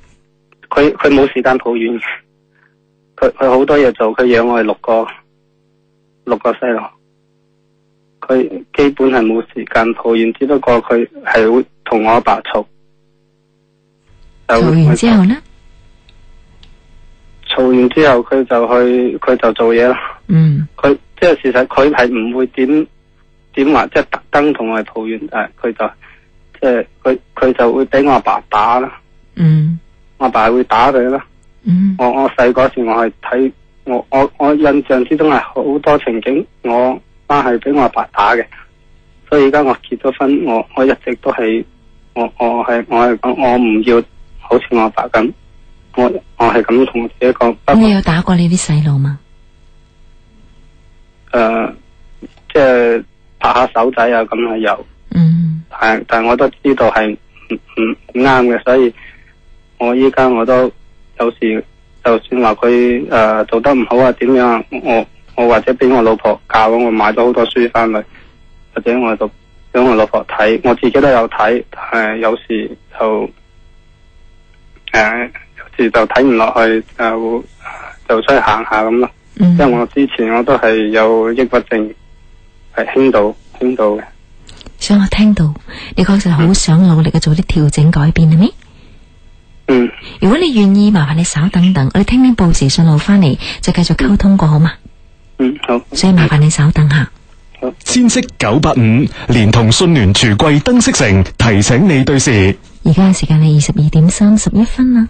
D: 佢佢冇時間抱怨，佢佢好多嘢做，佢養我係六個六個細路，佢基本係冇時間抱怨，只不過佢係會同我阿爸嘈。
A: 嘈完
D: 之後咧，嘈完之後佢就去佢就做嘢啦。
A: 嗯，
D: 佢即係事實，佢係唔會點點話，即係特登同我抱怨誒，佢就即係佢佢就會俾我阿爸打啦。嗯，我阿爸會打佢啦。嗯，我我細嗰時我係睇我我我印象之中係好多情景，我媽係俾我阿爸打嘅，所以而家我結咗婚，我我一直都係我我係我係我我唔要。好似我阿爸咁，我我係咁同我自己講。
A: 咁你有打過你啲細路嗎？
D: 誒、呃，即係拍下手仔啊，咁係有。嗯。係，但係我都知道係唔唔啱嘅，所以我依家我都有時，就算話佢誒做得唔好啊，點樣，我我或者俾我老婆教，我買咗好多書翻嚟，或者我就俾我老婆睇，我自己都有睇，係有時就。誒、呃，有時就睇唔落去，就、呃、就出去行下咁咯。嗯、因為我之前我都係有抑鬱症，係輕度輕度
A: 嘅。所以我聽到，你確實好想努力嘅做啲調整改變，係咪？嗯。嗎嗯如果你願意，麻煩你稍等等，我哋聽聽報時信號翻嚟，再繼續溝通過好嘛？嗯，好。所以麻煩你稍等下。
B: 好千色九百五，連同信聯櫥櫃燈飾城提醒
A: 你對時。而家嘅時間係二十二點三十一分啦。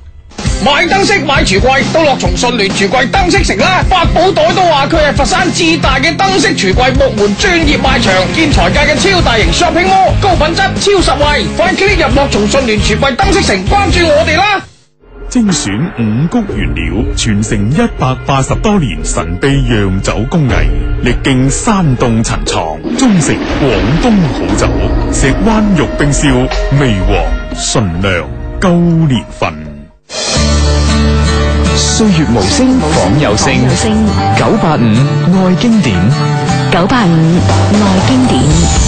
A: 買燈飾、買櫥
B: 櫃，都樂從順聯櫥櫃燈飾城啦！八寶袋都話佢係佛山至大嘅燈飾、櫥櫃、木門專業賣場，建材界嘅超大型 shopping mall，高品質、超實惠，快啲入樂從順聯櫥櫃燈飾城，關注我哋啦！精選五谷原料，傳承一百八十多年神秘釀酒工藝，歷經山洞陳藏，終成廣東好酒。石灣玉冰燒，味和純糧高年份，歲月無聲聲仿有聲。九八五愛經典，九八五愛經典。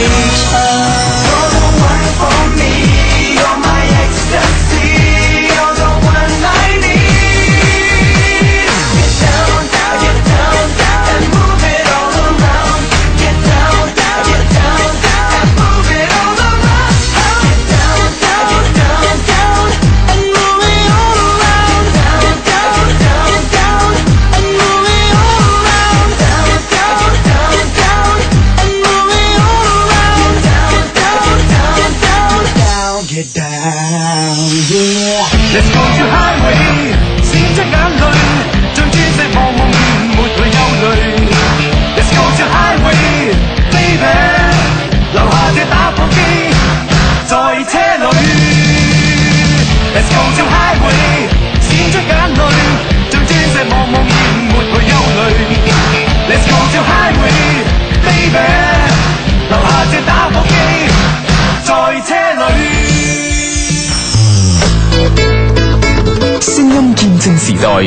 B: 正新時代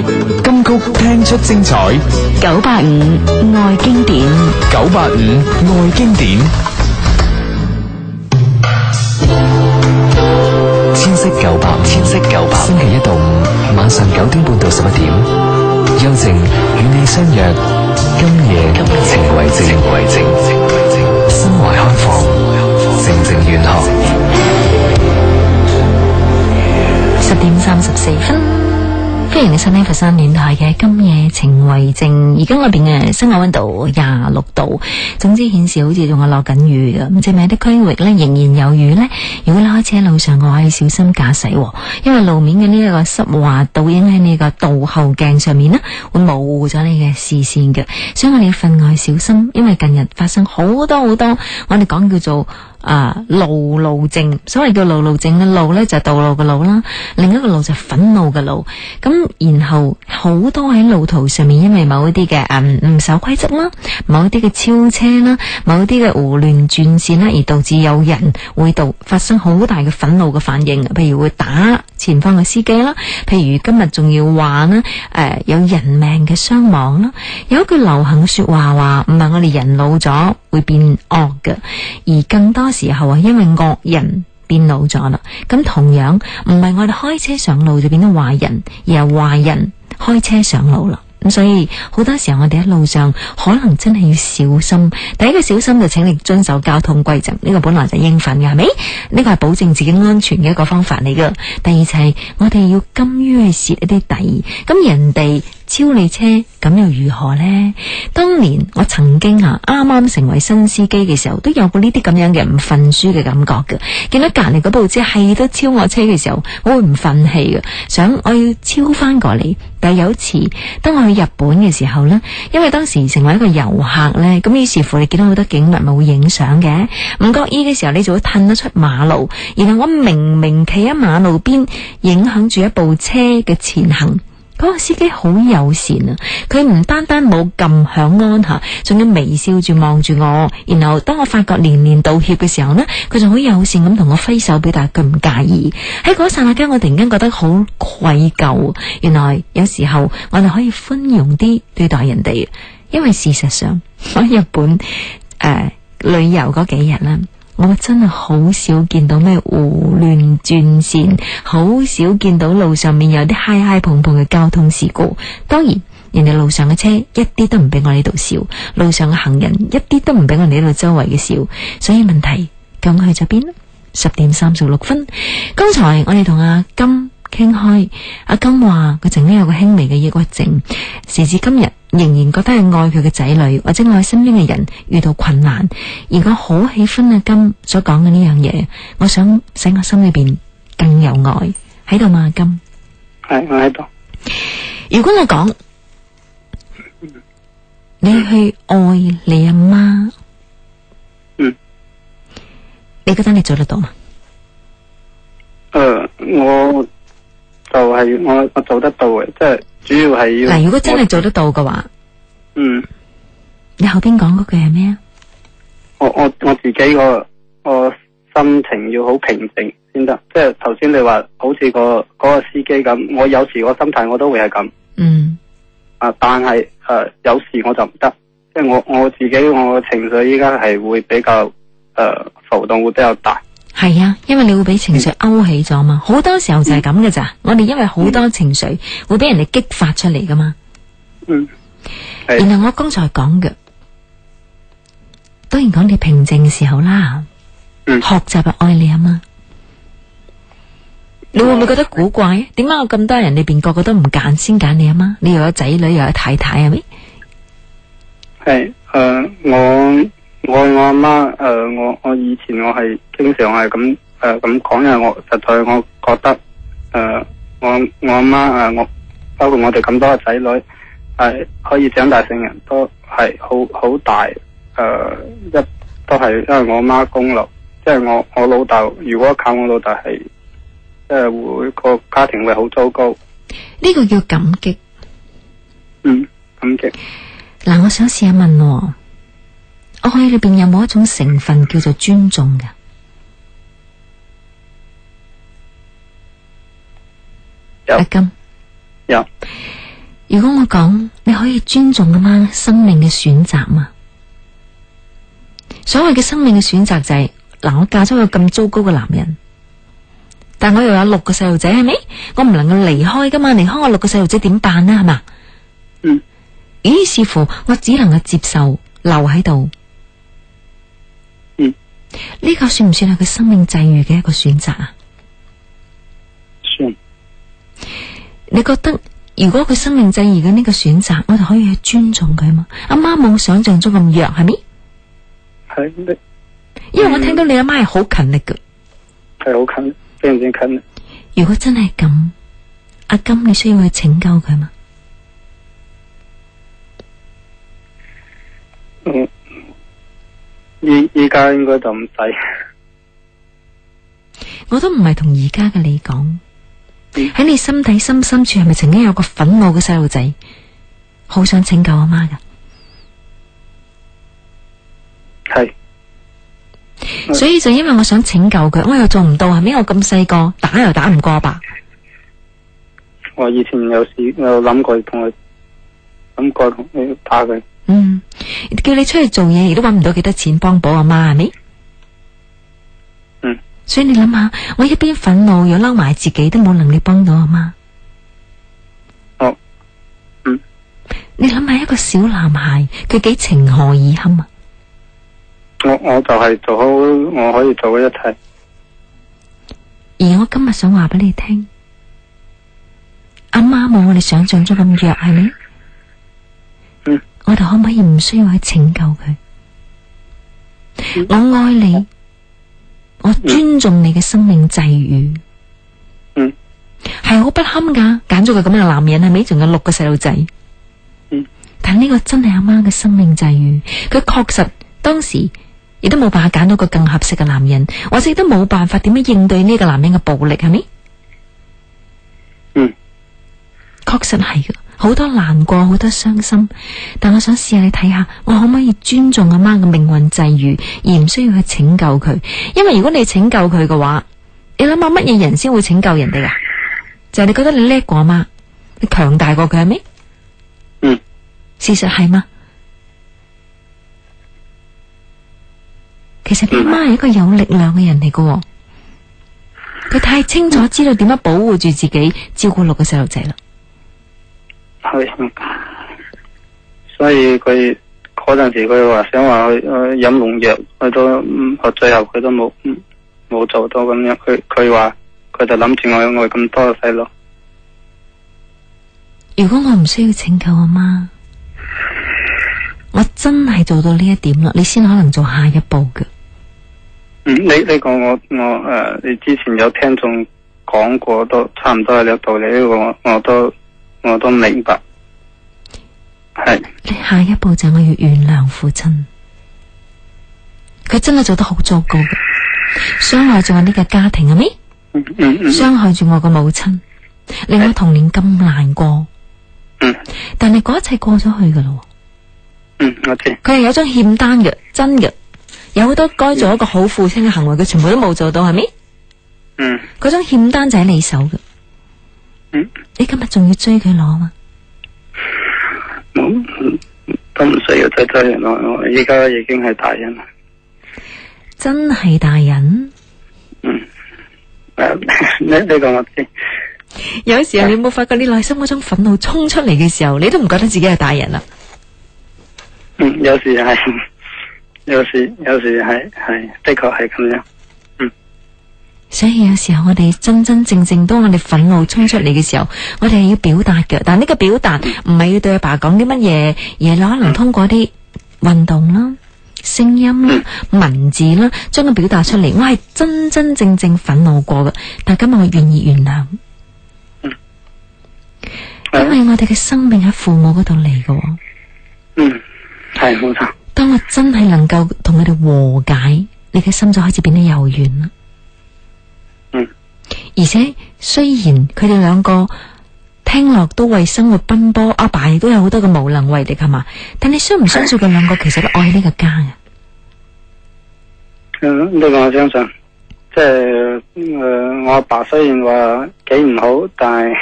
B: 金曲聽出精彩，九八五愛經典，九八五愛經典，千色九八五，千色九八五，星期一到五晚上九點半到十一點，邱靜與你相約，今夜情為證，心懷開放，靜靜遠航，十點三十四
A: 分。歡迎你收聽佛山電台嘅《今夜情為證》。而家我邊嘅室外温度廿六度，總之顯示好似仲係落緊雨咁，即係咪啲區域咧仍然有雨呢？如果你開車路上，我要小心駕駛，因為路面嘅呢一個濕滑，倒影喺你個道後鏡上面呢，會模糊咗你嘅視線嘅，所以我哋要分外小心。因為近日發生好多好多，我哋講叫做。啊！路怒症，所謂叫路怒症嘅路咧，就係、道路嘅路啦；另一個怒就憤怒嘅怒，咁然後好多喺路途上面，因為某一啲嘅誒唔守規則啦，某一啲嘅超車啦，某一啲嘅胡亂轉線啦，而導致有人會導發生好大嘅憤怒嘅反應，譬如會打前方嘅司機啦，譬如今日仲要話咧，誒、呃、有人命嘅傷亡啦。有一句流行說話話唔係我哋人老咗會變惡嘅，而更多。時候啊，因為惡人變老咗啦，咁同樣唔係我哋開車上路就變咗壞人，而係壞人開車上路啦。咁所以好多時候我哋喺路上可能真係要小心。第一個小心就請你遵守交通規則，呢個本來就應份嘅，係咪？呢個係保證自己安全嘅一個方法嚟噶。第二就係我哋要甘於去蝕一啲底，咁人哋。超你車咁又如何呢？當年我曾經啊，啱啱成為新司機嘅時候，都有過呢啲咁樣嘅唔忿輸嘅感覺嘅。見到隔籬嗰部車係都超我車嘅時候，我會唔忿氣嘅，想我要超翻過嚟。但係有一次，當我去日本嘅時候呢，因為當時成為一個遊客呢，咁於是乎你見到好多景物冇影相嘅，唔覺意嘅時候你就會褪得出馬路，然後我明明企喺馬路邊影響住一部車嘅前行。嗰個司機好友善啊！佢唔單單冇咁響安吓，仲要微笑住望住我。然後當我發覺連連道歉嘅時候呢，佢仲好友善咁同我揮手，表達佢唔介意。喺嗰剎那間，我突然間覺得好愧疚。原來有時候我哋可以寬容啲對待人哋，因為事實上我喺日本誒、呃、旅遊嗰幾日咧。我真係好少見到咩胡亂轉線，好少見到路上面有啲嗨嗨碰碰嘅交通事故。當然，人哋路上嘅車一啲都唔俾我呢度少，路上嘅行人一啲都唔俾我呢度周圍嘅少。所以問題，咁去咗邊？十點三十六分，剛才我哋同阿金。傾開，阿金話佢曾經有個輕微嘅抑鬱症，時至今日仍然覺得係愛佢嘅仔女或者愛身邊嘅人遇到困難。而我好喜歡阿金所講嘅呢樣嘢，我想使我心裏邊更有愛。喺度嘛，阿金？
C: 係，
A: 我喺度。如果我講 你去愛你阿媽，嗯，你覺得你做得到嗎？
D: 誒、呃，我。就係我我做得到嘅，即係主要係要。嗱，如果真係
A: 做得到嘅話，
D: 嗯，
A: 你後邊講嗰句係咩啊？
D: 我我我自己個個心情要好平靜先得，即係頭先你話好似個嗰、嗰個司機咁，我有時我心態我都會係咁，嗯啊，啊，但係誒有時我就唔得，即係我我自己我情緒依家係會比較誒、啊、浮動會比較大。
A: 係啊，因為你會俾情緒勾起咗嘛，好、嗯、多時候就係咁嘅咋。嗯、我哋因為好多情緒、嗯、會俾人哋激發出嚟噶嘛。
D: 嗯，
A: 係。然後我剛才講嘅，當然講你平靜時候啦。嗯。學習嘅愛你啊嘛，嗯、你會唔會覺得古怪？點解我咁多人裏邊個個都唔揀，先揀你啊嘛？你又有仔女，又有太太啊？係，誒，
D: 我、嗯。的我我阿媽誒、呃，我我以前我係經常係咁誒咁講，因為我實在我覺得誒、呃，我我阿媽誒，我、呃、我包括我哋咁多個仔女係、呃、可以長大成人都大、呃，都係好好大誒，一都係因為我阿媽功勞，即係我我老豆如果靠我老豆係，即係會、個家庭會好糟糕。
A: 呢個叫感激。
D: 嗯，感激。
A: 嗱，我想試下問、哦。我可以裏邊有冇一種成分叫做尊重嘅？Yep. 阿金有。Yep. 如果我講，你可以尊重嘅嘛？生命嘅選擇嘛？所謂嘅生命嘅選擇就係嗱，我嫁咗個咁糟糕嘅男人，但我又有六個細路仔係咪？我唔能夠離開噶嘛？離開，我六個細路仔點辦啊？係嘛？嗯。咦？於是乎我只能夠接受留喺度。呢個算唔算係佢生命際遇嘅一個選擇啊？
C: 算
A: 是。你覺得如果佢生命際遇嘅呢個選擇，我哋可以去尊重佢嘛？阿媽冇想象中咁弱，係咪？係的因為我聽到你阿媽係好勤力嘅。
D: 係好勤力，非常之勤力。
A: 如果真係咁，阿金你需要去拯救佢嘛？嗯。
D: 依依家應該就
A: 唔使。我都唔係同而家嘅你講，喺、嗯、你心底深深處係咪曾經有個憤怒嘅細路仔，好想拯救阿媽噶？係是。所以就因為我想拯救佢，是我又做唔到，係咪？我咁細個，打又打唔過吧。
D: 我以前有時有諗過同佢，諗過同你打佢。
A: 嗯，叫你出去做嘢，亦都揾唔到幾多錢幫補阿媽係咪？媽媽嗯，所以你諗下，我一邊憤怒，又嬲埋自己，都冇能力幫到阿媽。好、哦，嗯，你諗下一個小男孩，佢幾情何以堪啊？
D: 我我就係做好，我可以做一切。
A: 而我今日想話俾你聽，阿媽冇我哋想象中咁弱，係咪？我哋可唔可以唔需要去拯救佢？嗯、我愛你，嗯、我尊重你嘅生命際遇。嗯，係好不堪噶，揀咗個咁樣嘅男人啊，係咪仲有六個細路仔。嗯，但呢個真係阿媽嘅生命際遇，佢確實當時亦都冇辦法揀到個更合適嘅男人，或者亦都冇辦法點樣應對呢個男人嘅暴力，係咪？嗯，確實係噶。好多難過，好多傷心，但我想試下你睇下，我可唔可以尊重阿媽嘅命運際遇，而唔需要去拯救佢？因為如果你拯救佢嘅話，你諗下乜嘢人先會拯救人哋啊？就係，你覺得你叻過阿媽，你強大過佢係咪？嗯、事實係嗎？其實你阿媽係一個有力量嘅人嚟㗎，佢太清楚知道點樣保護住自己，照顧六個細路仔啦。
D: 係， 所以佢嗰陣時佢話想話去去飲農藥，去到嗯，最後佢都冇冇做到咁樣。佢佢話佢就諗住我愛咁多細路。
A: 如果我唔需要請求阿媽，我真係做到呢一點啦，你先可能做下一步嘅。
D: 嗯，你你講，這個，我我誒、呃，你之前有聽眾講過都差唔多係呢個道理，呢個我都。我都明
A: 白，係你下一步就係我要原諒父親，佢真係做得好糟糕，傷害住我呢個家庭係咪？傷、嗯嗯、害住我個母親，嗯、令我童年咁難過。嗯、但係嗰一切過咗去噶咯，嗯，我知。佢係有張欠單嘅，真嘅，有好多該做一個好父親嘅行為，佢、嗯、全部都冇做到係咪？嗯，嗰張欠單就喺你手嘅。你今日仲要追佢攞嘛？
D: 冇，都唔需要再追人攞。我依家已經係大人啦。
A: 真係大人。
D: 嗯。誒、啊，你你講我知，
A: 有時候你冇發覺你內心嗰種憤怒衝出嚟嘅時候，你都唔覺得自己係大人啦。嗯，
D: 有時係、啊，有時有時係係，的確係咁樣。
A: 所以有時候我哋真真正正當我哋憤怒衝出嚟嘅時候，我哋係要表達嘅。但呢個表達唔係要對阿爸講啲乜嘢，而係，可能通過啲運動啦、聲音啦、文字啦，將佢表達出嚟。我係真真正正憤怒過嘅，但今日我願意原諒，嗯、因為我哋嘅生命喺父母嗰度嚟嘅。嗯，係冇錯。當我真係能夠同佢哋和解，你嘅心就開始變得柔軟啦。而且雖然佢哋兩個聽落都為生活奔波，阿爸亦都有好多嘅無能為力係嘛。但你相唔相信佢兩個其實都愛呢個家嘅？嗯、
D: 呃，呢、呢個我相信。即係誒、呃，我阿爸，爸雖然話幾唔好，但係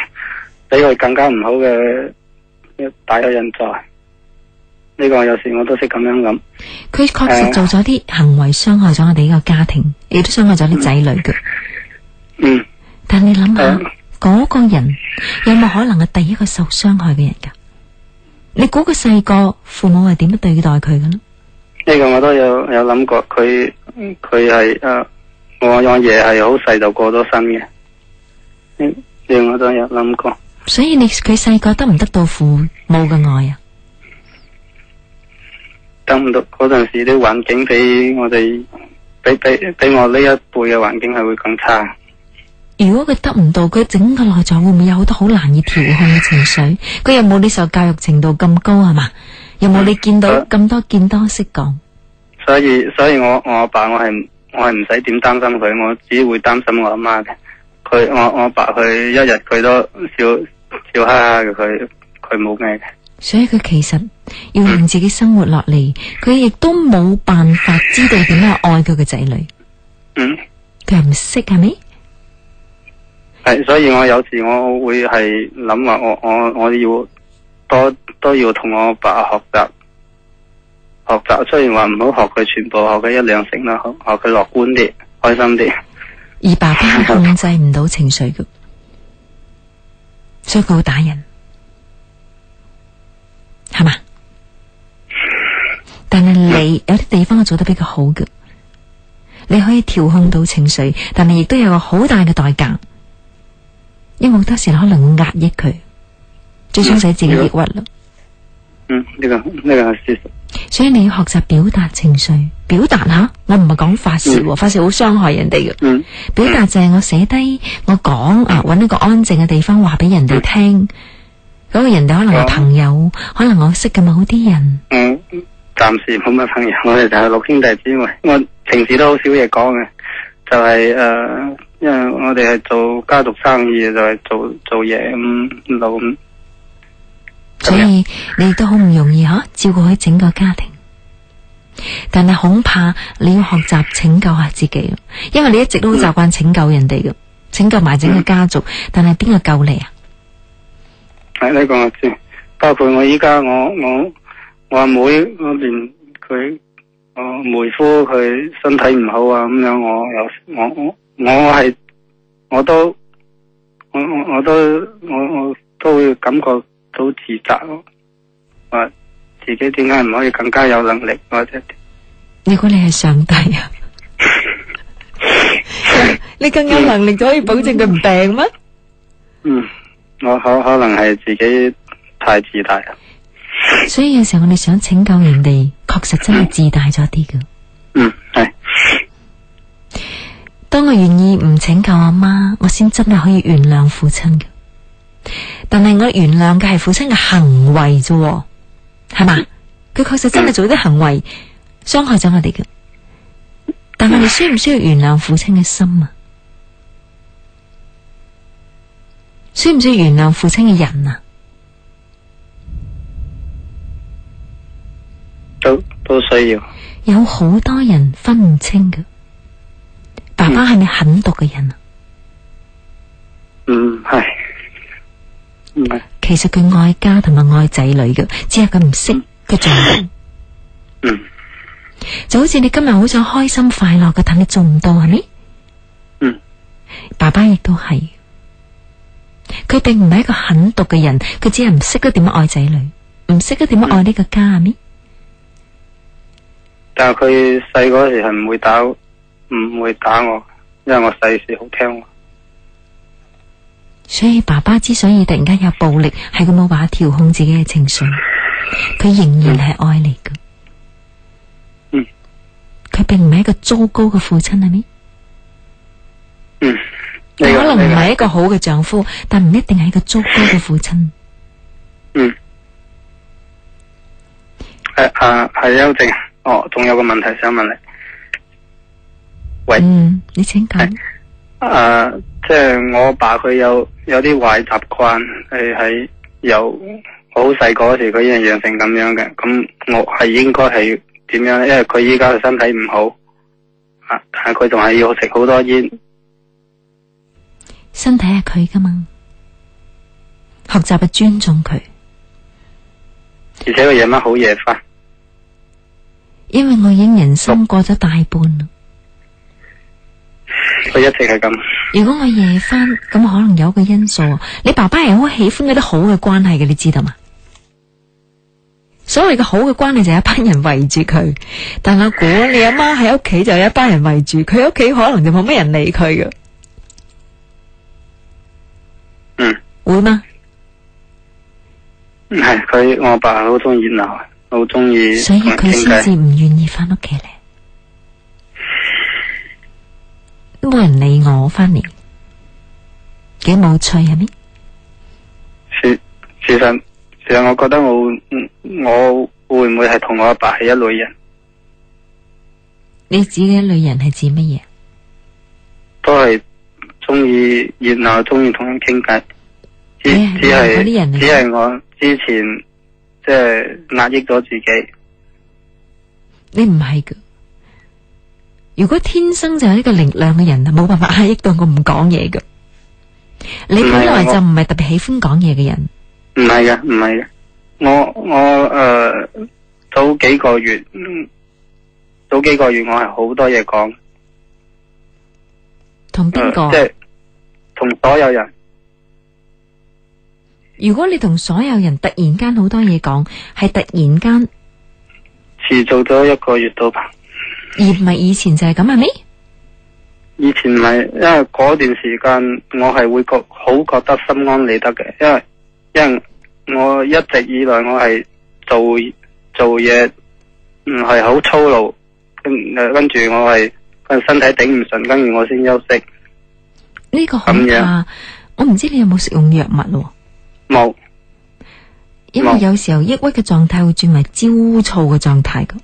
D: 比佢更加唔好嘅一大有人在。呢、呢個有時我都識咁樣諗。
A: 佢確實做咗啲行為傷、呃、害咗我哋呢個家庭，亦都傷害咗啲仔女嘅。嗯，但係你諗下，嗰、嗯、個人有冇可能係第一個受傷害嘅人噶？你估佢細個父母係點樣對待佢嘅？呢
D: 呢個我都有有諗過，佢佢係誒，我阿爺係好細就過咗身嘅，呢呢個我都有諗過。
A: 所以你佢細個得唔得到父母嘅愛啊？
D: 得唔到嗰陣時啲環境比我哋，比比比我呢一輩嘅環境係會更差。
A: 如果佢得唔到佢整個內在，會唔會有好多好難以調控嘅情緒？佢有冇啲受教育程度咁高係嘛？有冇你見到咁多見多識講，
D: 嗯？所以，所以我我阿爸，爸我係我係唔使點擔心佢，我只會擔心我阿媽嘅。佢我我阿爸佢一日佢都笑笑哈哈嘅佢，佢冇咩嘅。
A: 所以佢其實要令自己生活落嚟，佢亦都冇辦法知道點樣愛佢嘅仔女。嗯，佢唔識係咪？
D: 係，所以我有時我會係諗話，我我我要多都要同我阿爸學習學習。雖然話唔好學佢全部，學佢一兩成啦，學佢樂觀啲，開心啲。而
A: 爸爸係控制唔到情緒嘅，Okay. 所以佢會打人，係嘛？ 但係你有啲地方我做得比較好嘅，你可以調控到情緒，但係亦都有個好大嘅代價。因為好多時可能會壓抑佢，最終使自己抑鬱咯。嗯，呢個呢個係
D: 事
A: 實。所以你要學習表達情緒，表達吓，我唔係講發泄，發泄好傷害人哋嘅。嗯，表達就係我寫低，我講啊，搵一個安靜嘅地方話俾人哋聽。嗰個人哋可能係朋友，可能我識嘅某啲人。
D: 嗯，暫時冇乜朋友，我哋就係六兄弟姊妹，我平時都好少嘢講嘅，就係誒。因為我哋係做家族生意，就係、是、做做嘢，咁老咁。嗯
A: 嗯、所以你都好唔容易嗬、啊，照顧起整個家庭。但係恐怕你要學習拯救下自己，因為你一直都好習慣拯救人哋嘅、嗯、拯救埋整個家族，嗯、但係邊個救你啊？
D: 係呢、呢個我知，包括我依家我我我阿妹，我連佢我妹夫佢身體唔好啊，咁樣我有我我。我我我係，我都，我我我都我我都會感覺到自責咯，話自己點解唔可以更加有能力？或者，
A: 你估你係上帝啊， 你更有能力就可以保證佢唔病咩？
D: 嗯，我好可，可能係自己太自大。
A: 所以有時候我哋想拯救人哋，確實真係自大咗啲噶。嗯，係。當我願意唔請求阿媽，媽，我先真係可以原諒父親嘅。但係我原諒嘅係父親嘅行為啫，係嘛？佢 確實真係做啲行為傷害咗我哋嘅。但係我哋需唔需要原諒父親嘅心啊？需唔需要原諒父親嘅人啊？都都需要。有好多人分唔清嘅。爸爸係咪狠毒嘅人啊？嗯，
D: 係。
A: 其實佢愛家同埋愛仔女嘅，只係佢唔識佢做得到。嗯，就好似你今日好想開心快樂嘅，但係你做唔到係咪？嗯，爸爸亦都係，佢並唔係一個狠毒嘅人，佢只係唔識得點樣愛仔女，唔識得點樣愛呢個家係咪？嗯
D: 啊、但係佢細個時係唔會打。唔會打我，因為我細時好聽。
A: 所以爸爸之所以突然間有暴力，係佢冇把握調控自己嘅情緒，佢仍然係愛你嘅。嗯，佢並唔係一個糟糕嘅父親，係咪？嗯，
C: 你，你可能唔係一
A: 個好嘅丈夫，但唔一定係一個糟糕嘅父親。嗯。
D: 係啊，係邱靜。哦，仲有個問題想問你。
A: 喂、嗯，你請講。
D: 啊，即係我爸佢有有啲壞習慣，係係由好細個嗰時佢已經養成咁樣嘅。咁我係應該係點樣咧？因為佢依家嘅身體唔好，啊，但係佢仲係要食好多煙。
A: 身體係佢噶嘛學習係尊重佢。
D: 而且佢夜晚好夜瞓，
A: 因為我已經人生過咗大半佢一直係咁。如果我夜翻，咁可能有一個因素。你爸爸係好喜歡嗰啲好嘅關係嘅，你知道嗎？所謂嘅好嘅關係就係一班人圍住佢。但我估你阿媽喺屋企就有一班人圍住佢，屋企可能就冇咩人理佢嘅。嗯。會嗎？
D: 係佢、嗯，我爸好中意熱鬧，好中意。所以佢先至
A: 唔願意翻屋企咧。都冇人理我翻嚟，幾冇趣係咪？
D: 事其實，其實我覺得我，我會唔會係同我阿爸係一類人？
A: 你指嘅一類人係指乜嘢？
D: 都係中意熱鬧，中意同人傾偈。只係只係我之前即係壓抑咗自己。
A: 你唔係㗎。如果天生就係一個力量嘅人，冇辦法壓抑到我唔講嘢嘅。啊、
D: 你本來就
A: 唔係特別喜歡講嘢嘅人。
D: 唔係嘅，唔係嘅。我我誒、呃，早幾個月，早幾個月我係好多嘢講。
A: 同邊個？即
D: 係同所有人。
A: 如果你同所有人突然間好多嘢講，係突然間。
D: 持續咗一個月多吧。
A: 而唔係以前就係咁啊？係咪？
D: 以前咪因為嗰段時間我係會覺好覺得心安理得嘅，因為因為我一直以來我係做做嘢唔係好粗魯，跟住我係身體頂唔順，跟住我先休息。
A: 呢個好啊！樣我唔知你有冇食用藥物咯？
D: 冇有。
A: 因為有時候有抑鬱嘅狀態會轉為焦躁嘅狀態嘅。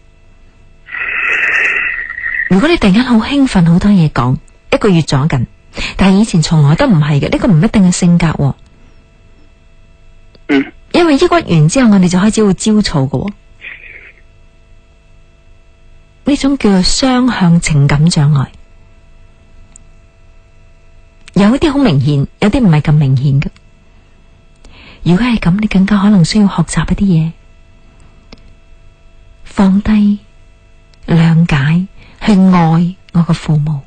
A: 如果你突然間好興奮，好多嘢講，一個月咗近，但係以前從來都唔係嘅，呢個唔一定係性格喎。嗯，因為抑鬱完之後，我哋就開始會焦躁嘅喎，呢種叫做雙向情感障礙。有啲好明顯，有啲唔係咁明顯嘅。如果係咁，你更加可能需要學習一啲嘢，放低諒解。係愛我個父母，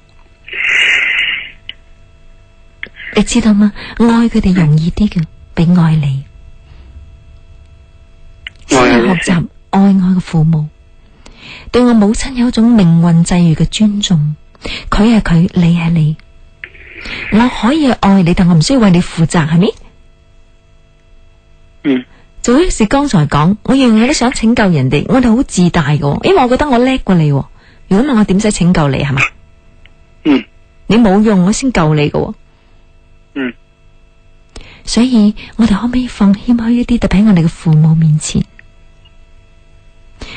A: 你知道嗎？愛佢哋容易啲嘅，比愛你。
B: 我要你學習
A: 愛我個父母， 對我母親有一種命運際遇嘅尊重。佢係佢，你係你，我可以愛你，但我唔需要為你負責，係咪？嗯。就好似剛才講，我樣樣都想拯救人哋，我哋好自大㗎，因為我覺得我叻過你。如果問我點使拯救你係嘛？
C: 嗯，
A: 你冇用我先救你嘅。嗯，所以我哋可唔可以放謙虛一啲，特別喺我哋嘅父母面前？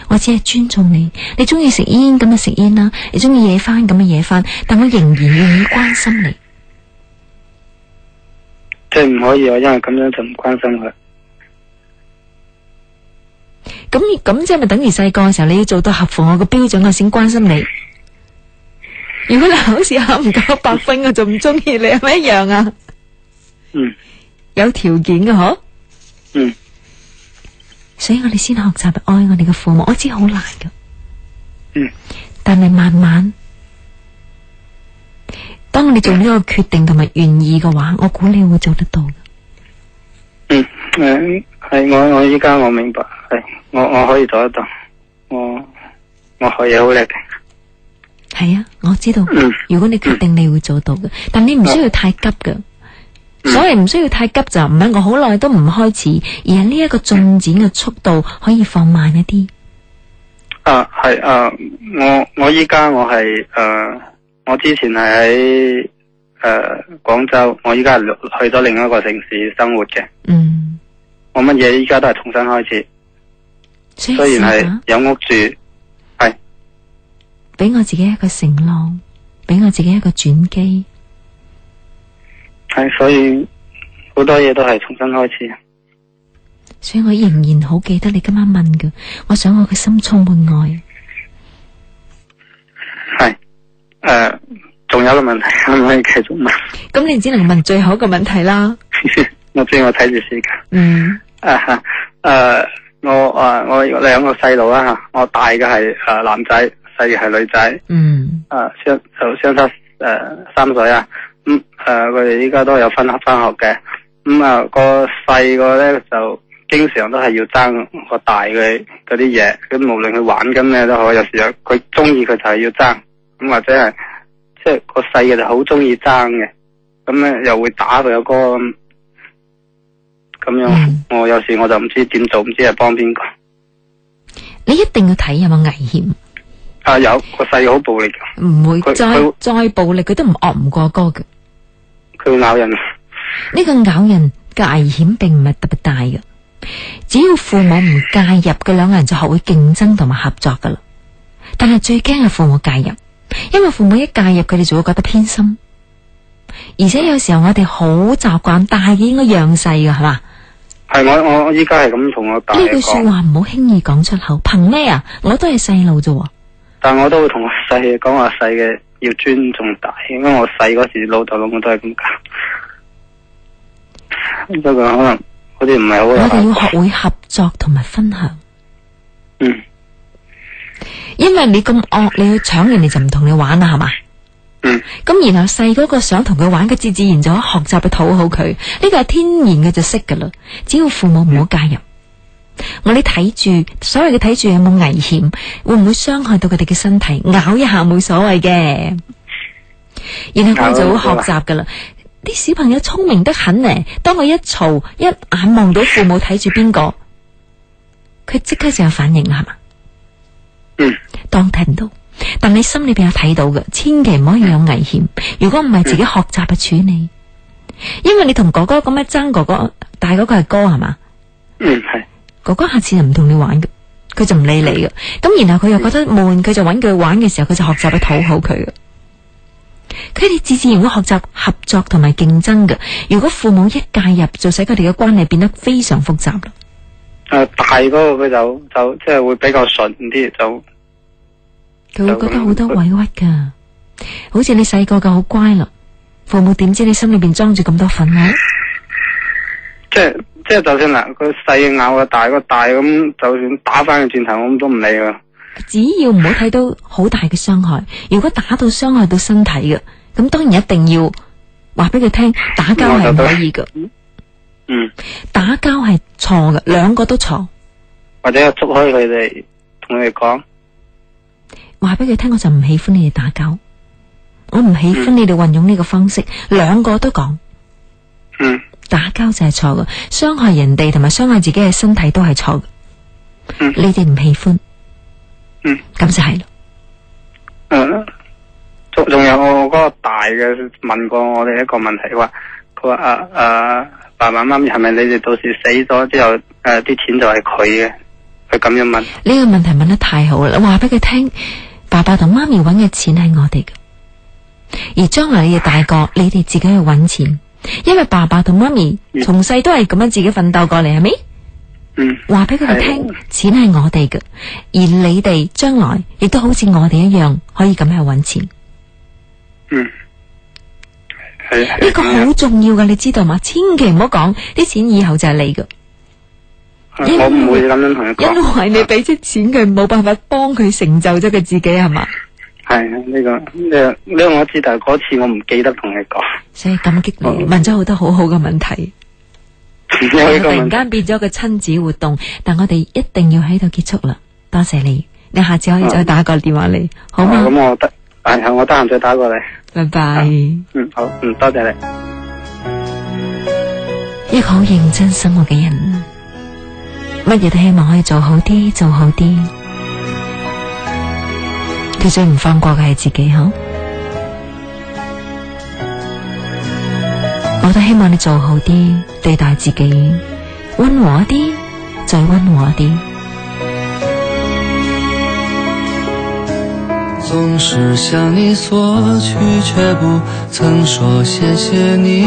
A: 我只係尊重你，你中意食煙咁就食煙啦，你中意嘢翻，咁就嘢翻，但係我仍然願意關心你。
D: 即係唔可以話，因為咁樣就唔關心佢。
A: 咁咁即係咪等於細個嘅時候你要做到合乎我個標準我先關心你？如果你考試考唔夠百分，我 就唔中意你，係咪一樣啊？嗯，有條件嘅嗬。嗯。所以我哋先學習愛我哋嘅父母，我知好難㗎。嗯。但係慢慢，當我哋做呢個決定同埋願意嘅話，我估你會做得到嘅。嗯，
D: 係，係我我依家我明白。我我可以做得到，
A: 我我可以好叻嘅。係啊， 我知道。 如果你決定你會做到嘅，但你唔需要太急嘅，啊、所以唔需要太急就唔係我好耐都唔開始，而係呢一個進展嘅速度可以放慢一啲。
D: 啊，係啊，我我依家我係誒、呃，我之前係喺誒廣州，我依家係去咗另一個城市生活嘅。嗯，我乜嘢依家都係重新開始。雖然係有屋
A: 住，係俾我自己一個承諾，俾我自己一個轉機，
D: 係所以好多嘢都係重新開始。
A: 所以我仍然好記得你今晚問嘅，我想我嘅心充滿愛。係
D: 誒，仲、呃、有個問題，可唔可以繼續問？
A: 咁你只能問最好嘅問題啦。
D: 我最我睇住時間。嗯啊誒。啊啊我誒，我兩個細路啦吓，我大嘅係誒男仔，細嘅係女仔。嗯。誒、啊，相就相差誒、呃、三歲啊。嗯。誒、呃，佢哋依家都有分翻學嘅。咁、嗯、啊、呃，個細個咧就經常都係要，要爭，個大嘅嗰啲嘢。咁無論佢玩緊咩都好，有時候佢中意佢就係要爭。咁或者係即係個細嘅就好中意爭嘅，咁、嗯、咧又會打佢個哥。咁樣，
A: 嗯、我有時我就唔知點做，唔知係幫
D: 邊個。你一定要睇有冇危
A: 險。啊，有個細好暴力噶，唔會再會再暴力，佢都唔惡唔過哥嘅。
D: 佢會咬人。
A: 呢個咬人嘅危險並唔係特別大噶，只要父母唔介入，佢 兩個人就學會競爭同埋合作噶啦。但係最驚係父母介入，因為父母一介入，佢哋就會覺得偏心，而且有時候我哋好習慣大嘅應該讓細噶，係嘛？
D: 係我我依家係咁同我講。呢句話說話
A: 唔好輕易講出口，憑咩啊？都我都係細路啫。
D: 但係我都會同我細嘅講話，細嘅要尊重大，因為我細嗰時老豆老母都係咁教。不 過可能好似唔係好。我哋要
A: 學會合作同埋分享。嗯。因為你咁惡，你去搶人哋就唔同你玩啦，係嘛？嗯，咁然後細嗰個想同佢玩嘅，自自然就學習去討好佢，呢、呢個係天然嘅就識噶啦，只要父母唔好介入，我哋睇住，所謂嘅睇住有冇危險，會唔會傷害到佢哋嘅身體？咬一下冇所謂嘅，然後佢、呃、就會學習噶啦。啲、呃、了小朋友聰明得很呢，當佢一嘈，一眼望到父母睇住邊個，佢即刻就有反應啦，係嘛？嗯，當聽到。但你心裏邊有睇到嘅，千祈唔可以有危險。如果唔係自己學習嘅處理，嗯、因為你同哥哥咁樣爭，哥哥大嗰個係哥係嘛？嗯，係哥哥下次就唔同你玩嘅，佢就唔理你嘅。咁、嗯、然後佢又覺得悶，佢就揾佢玩嘅時候，佢就學習去討好佢嘅。佢哋自自然會學習合作同埋競爭嘅。如果父母一介入，就使佢哋嘅關係變得非常複雜啦。誒、
D: 啊，大嗰個佢就就即係會比較順啲，就。
A: 佢會覺得好多委屈噶，好似你細個咁好乖啦，父母點知你心裏邊裝住咁多憤怒、啊？ 即
D: 係即係，就算嗱，佢細咬個大個大咁，就算打翻佢轉頭，我唔都唔理佢。
A: 只要唔好睇到好大嘅傷害，如果打到傷害到身體嘅，咁當然一定要話俾佢聽，打交係唔可以
C: 噶。嗯，
A: 打交係錯噶，兩、嗯、個都錯。
D: 或者捉開佢哋，同佢哋講。
A: 話俾佢聽，我就唔喜歡你哋打交，我唔喜歡你哋運用呢個方式。兩、嗯、個都講，嗯、打交就係錯嘅，傷害人哋同埋傷害自己嘅身體都係錯嘅。嗯，你哋唔喜歡，嗯，
D: 咁就係咯。仲、嗯、有我嗰個大嘅問過我哋一個問題，話佢話啊啊，爸爸媽媽係咪你哋到時死咗之後，誒、啊、啲錢就係佢嘅？佢咁樣問。
A: 呢個問題問得太好啦！話俾佢聽。爸爸同媽咪揾嘅錢係我哋嘅，而將來你嘅大個， 你哋自己去揾錢，因為爸爸同媽咪從細都係咁樣自己奮鬥過嚟，係咪？嗯，
B: 話俾佢哋聽，
A: 錢係我哋嘅，而你哋將來亦都好似我哋一樣，可以咁樣去揾錢。
C: 嗯，呢 個好
A: 重要噶，你知道嗎？千祈唔好講，啲錢以後就係你嘅。我唔
D: 會咁樣同你講，
A: 因為你俾啲錢佢，冇辦法幫佢成就咗佢自己，係嘛？係呢、呢
D: 個，呢、這、呢、個、我知道但嗰次我唔記得同你講。
A: 所以感激你我問咗好多好好嘅問題。
D: 問題突然
A: 間變咗個親子活動，但我哋一定要喺度結束啦。多謝，謝你，你下次可以再打個電話嚟，好嘛？咁、嗯嗯、我得閒，係
D: 我得閒再打過嚟。拜拜 bye。嗯，好，嗯，多謝你。
A: 一個好認真生活嘅人。乜嘢都希望可以做好啲，做好啲。佢最唔放過嘅係自己嗬。我都希望你做好啲，對待自己，溫和啲，再溫和啲。總是向你索取，卻不
B: 曾說謝謝你。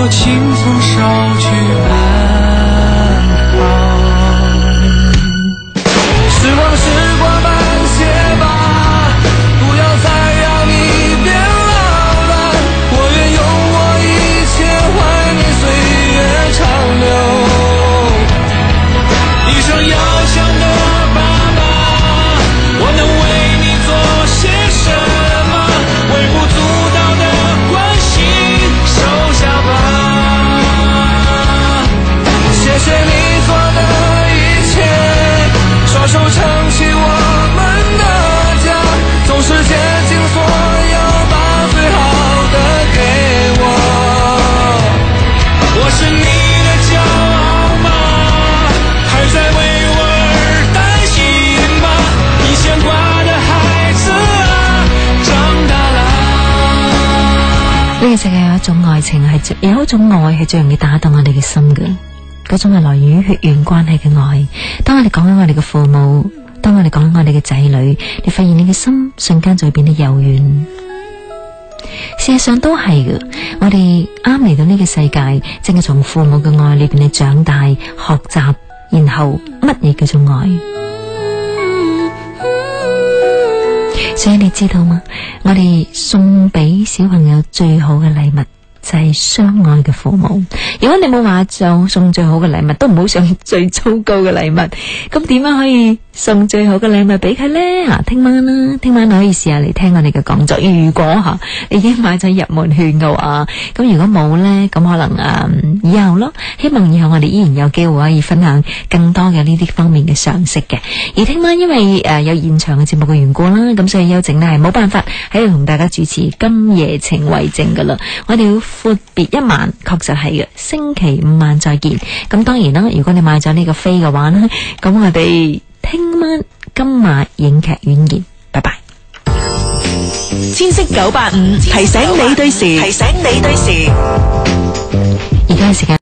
B: 我清風捎去安。
A: 呢個世界，有一種愛情係最，有一種愛係最容易打動我哋嘅心嘅，嗰種係來源於血緣關係嘅愛。當我哋講緊我哋嘅父母，當我哋講緊我哋嘅仔女，你發現你嘅心瞬間就會變得柔軟。事實上都係嘅，我哋啱嚟到呢個世界，正係從父母嘅愛裏邊嚟長大、學習，然後乜嘢叫做愛？所以你知道嗎？我哋送俾小朋友最好嘅禮物就係、是、相愛嘅父母。如果你冇話就送最好嘅禮物，都唔好想最糟糕嘅禮物。咁點樣可以？送最好嘅禮物俾佢呢。嗱、啊，聽晚啦，聽晚可以試下嚟聽我哋嘅講座。如果吓、啊、你已經買咗入門券嘅話，咁如果冇呢，咁可能誒、嗯、以後咯。希望以後我哋依然有機會可以分享更多嘅呢啲方面嘅常識嘅。而聽晚因為誒、呃、有現場嘅節目嘅緣故啦，咁所以邱整呢係冇辦法喺度同大家主持今夜情為證嘅啦。我哋要闊別一晚，確實係嘅。星期五晚再見。咁當然啦，如果你買咗呢個飛嘅話呢，咁我哋。聽晚今晚影劇院見，拜拜。千色九八五提醒你對時，提醒你對時。而家嘅時間。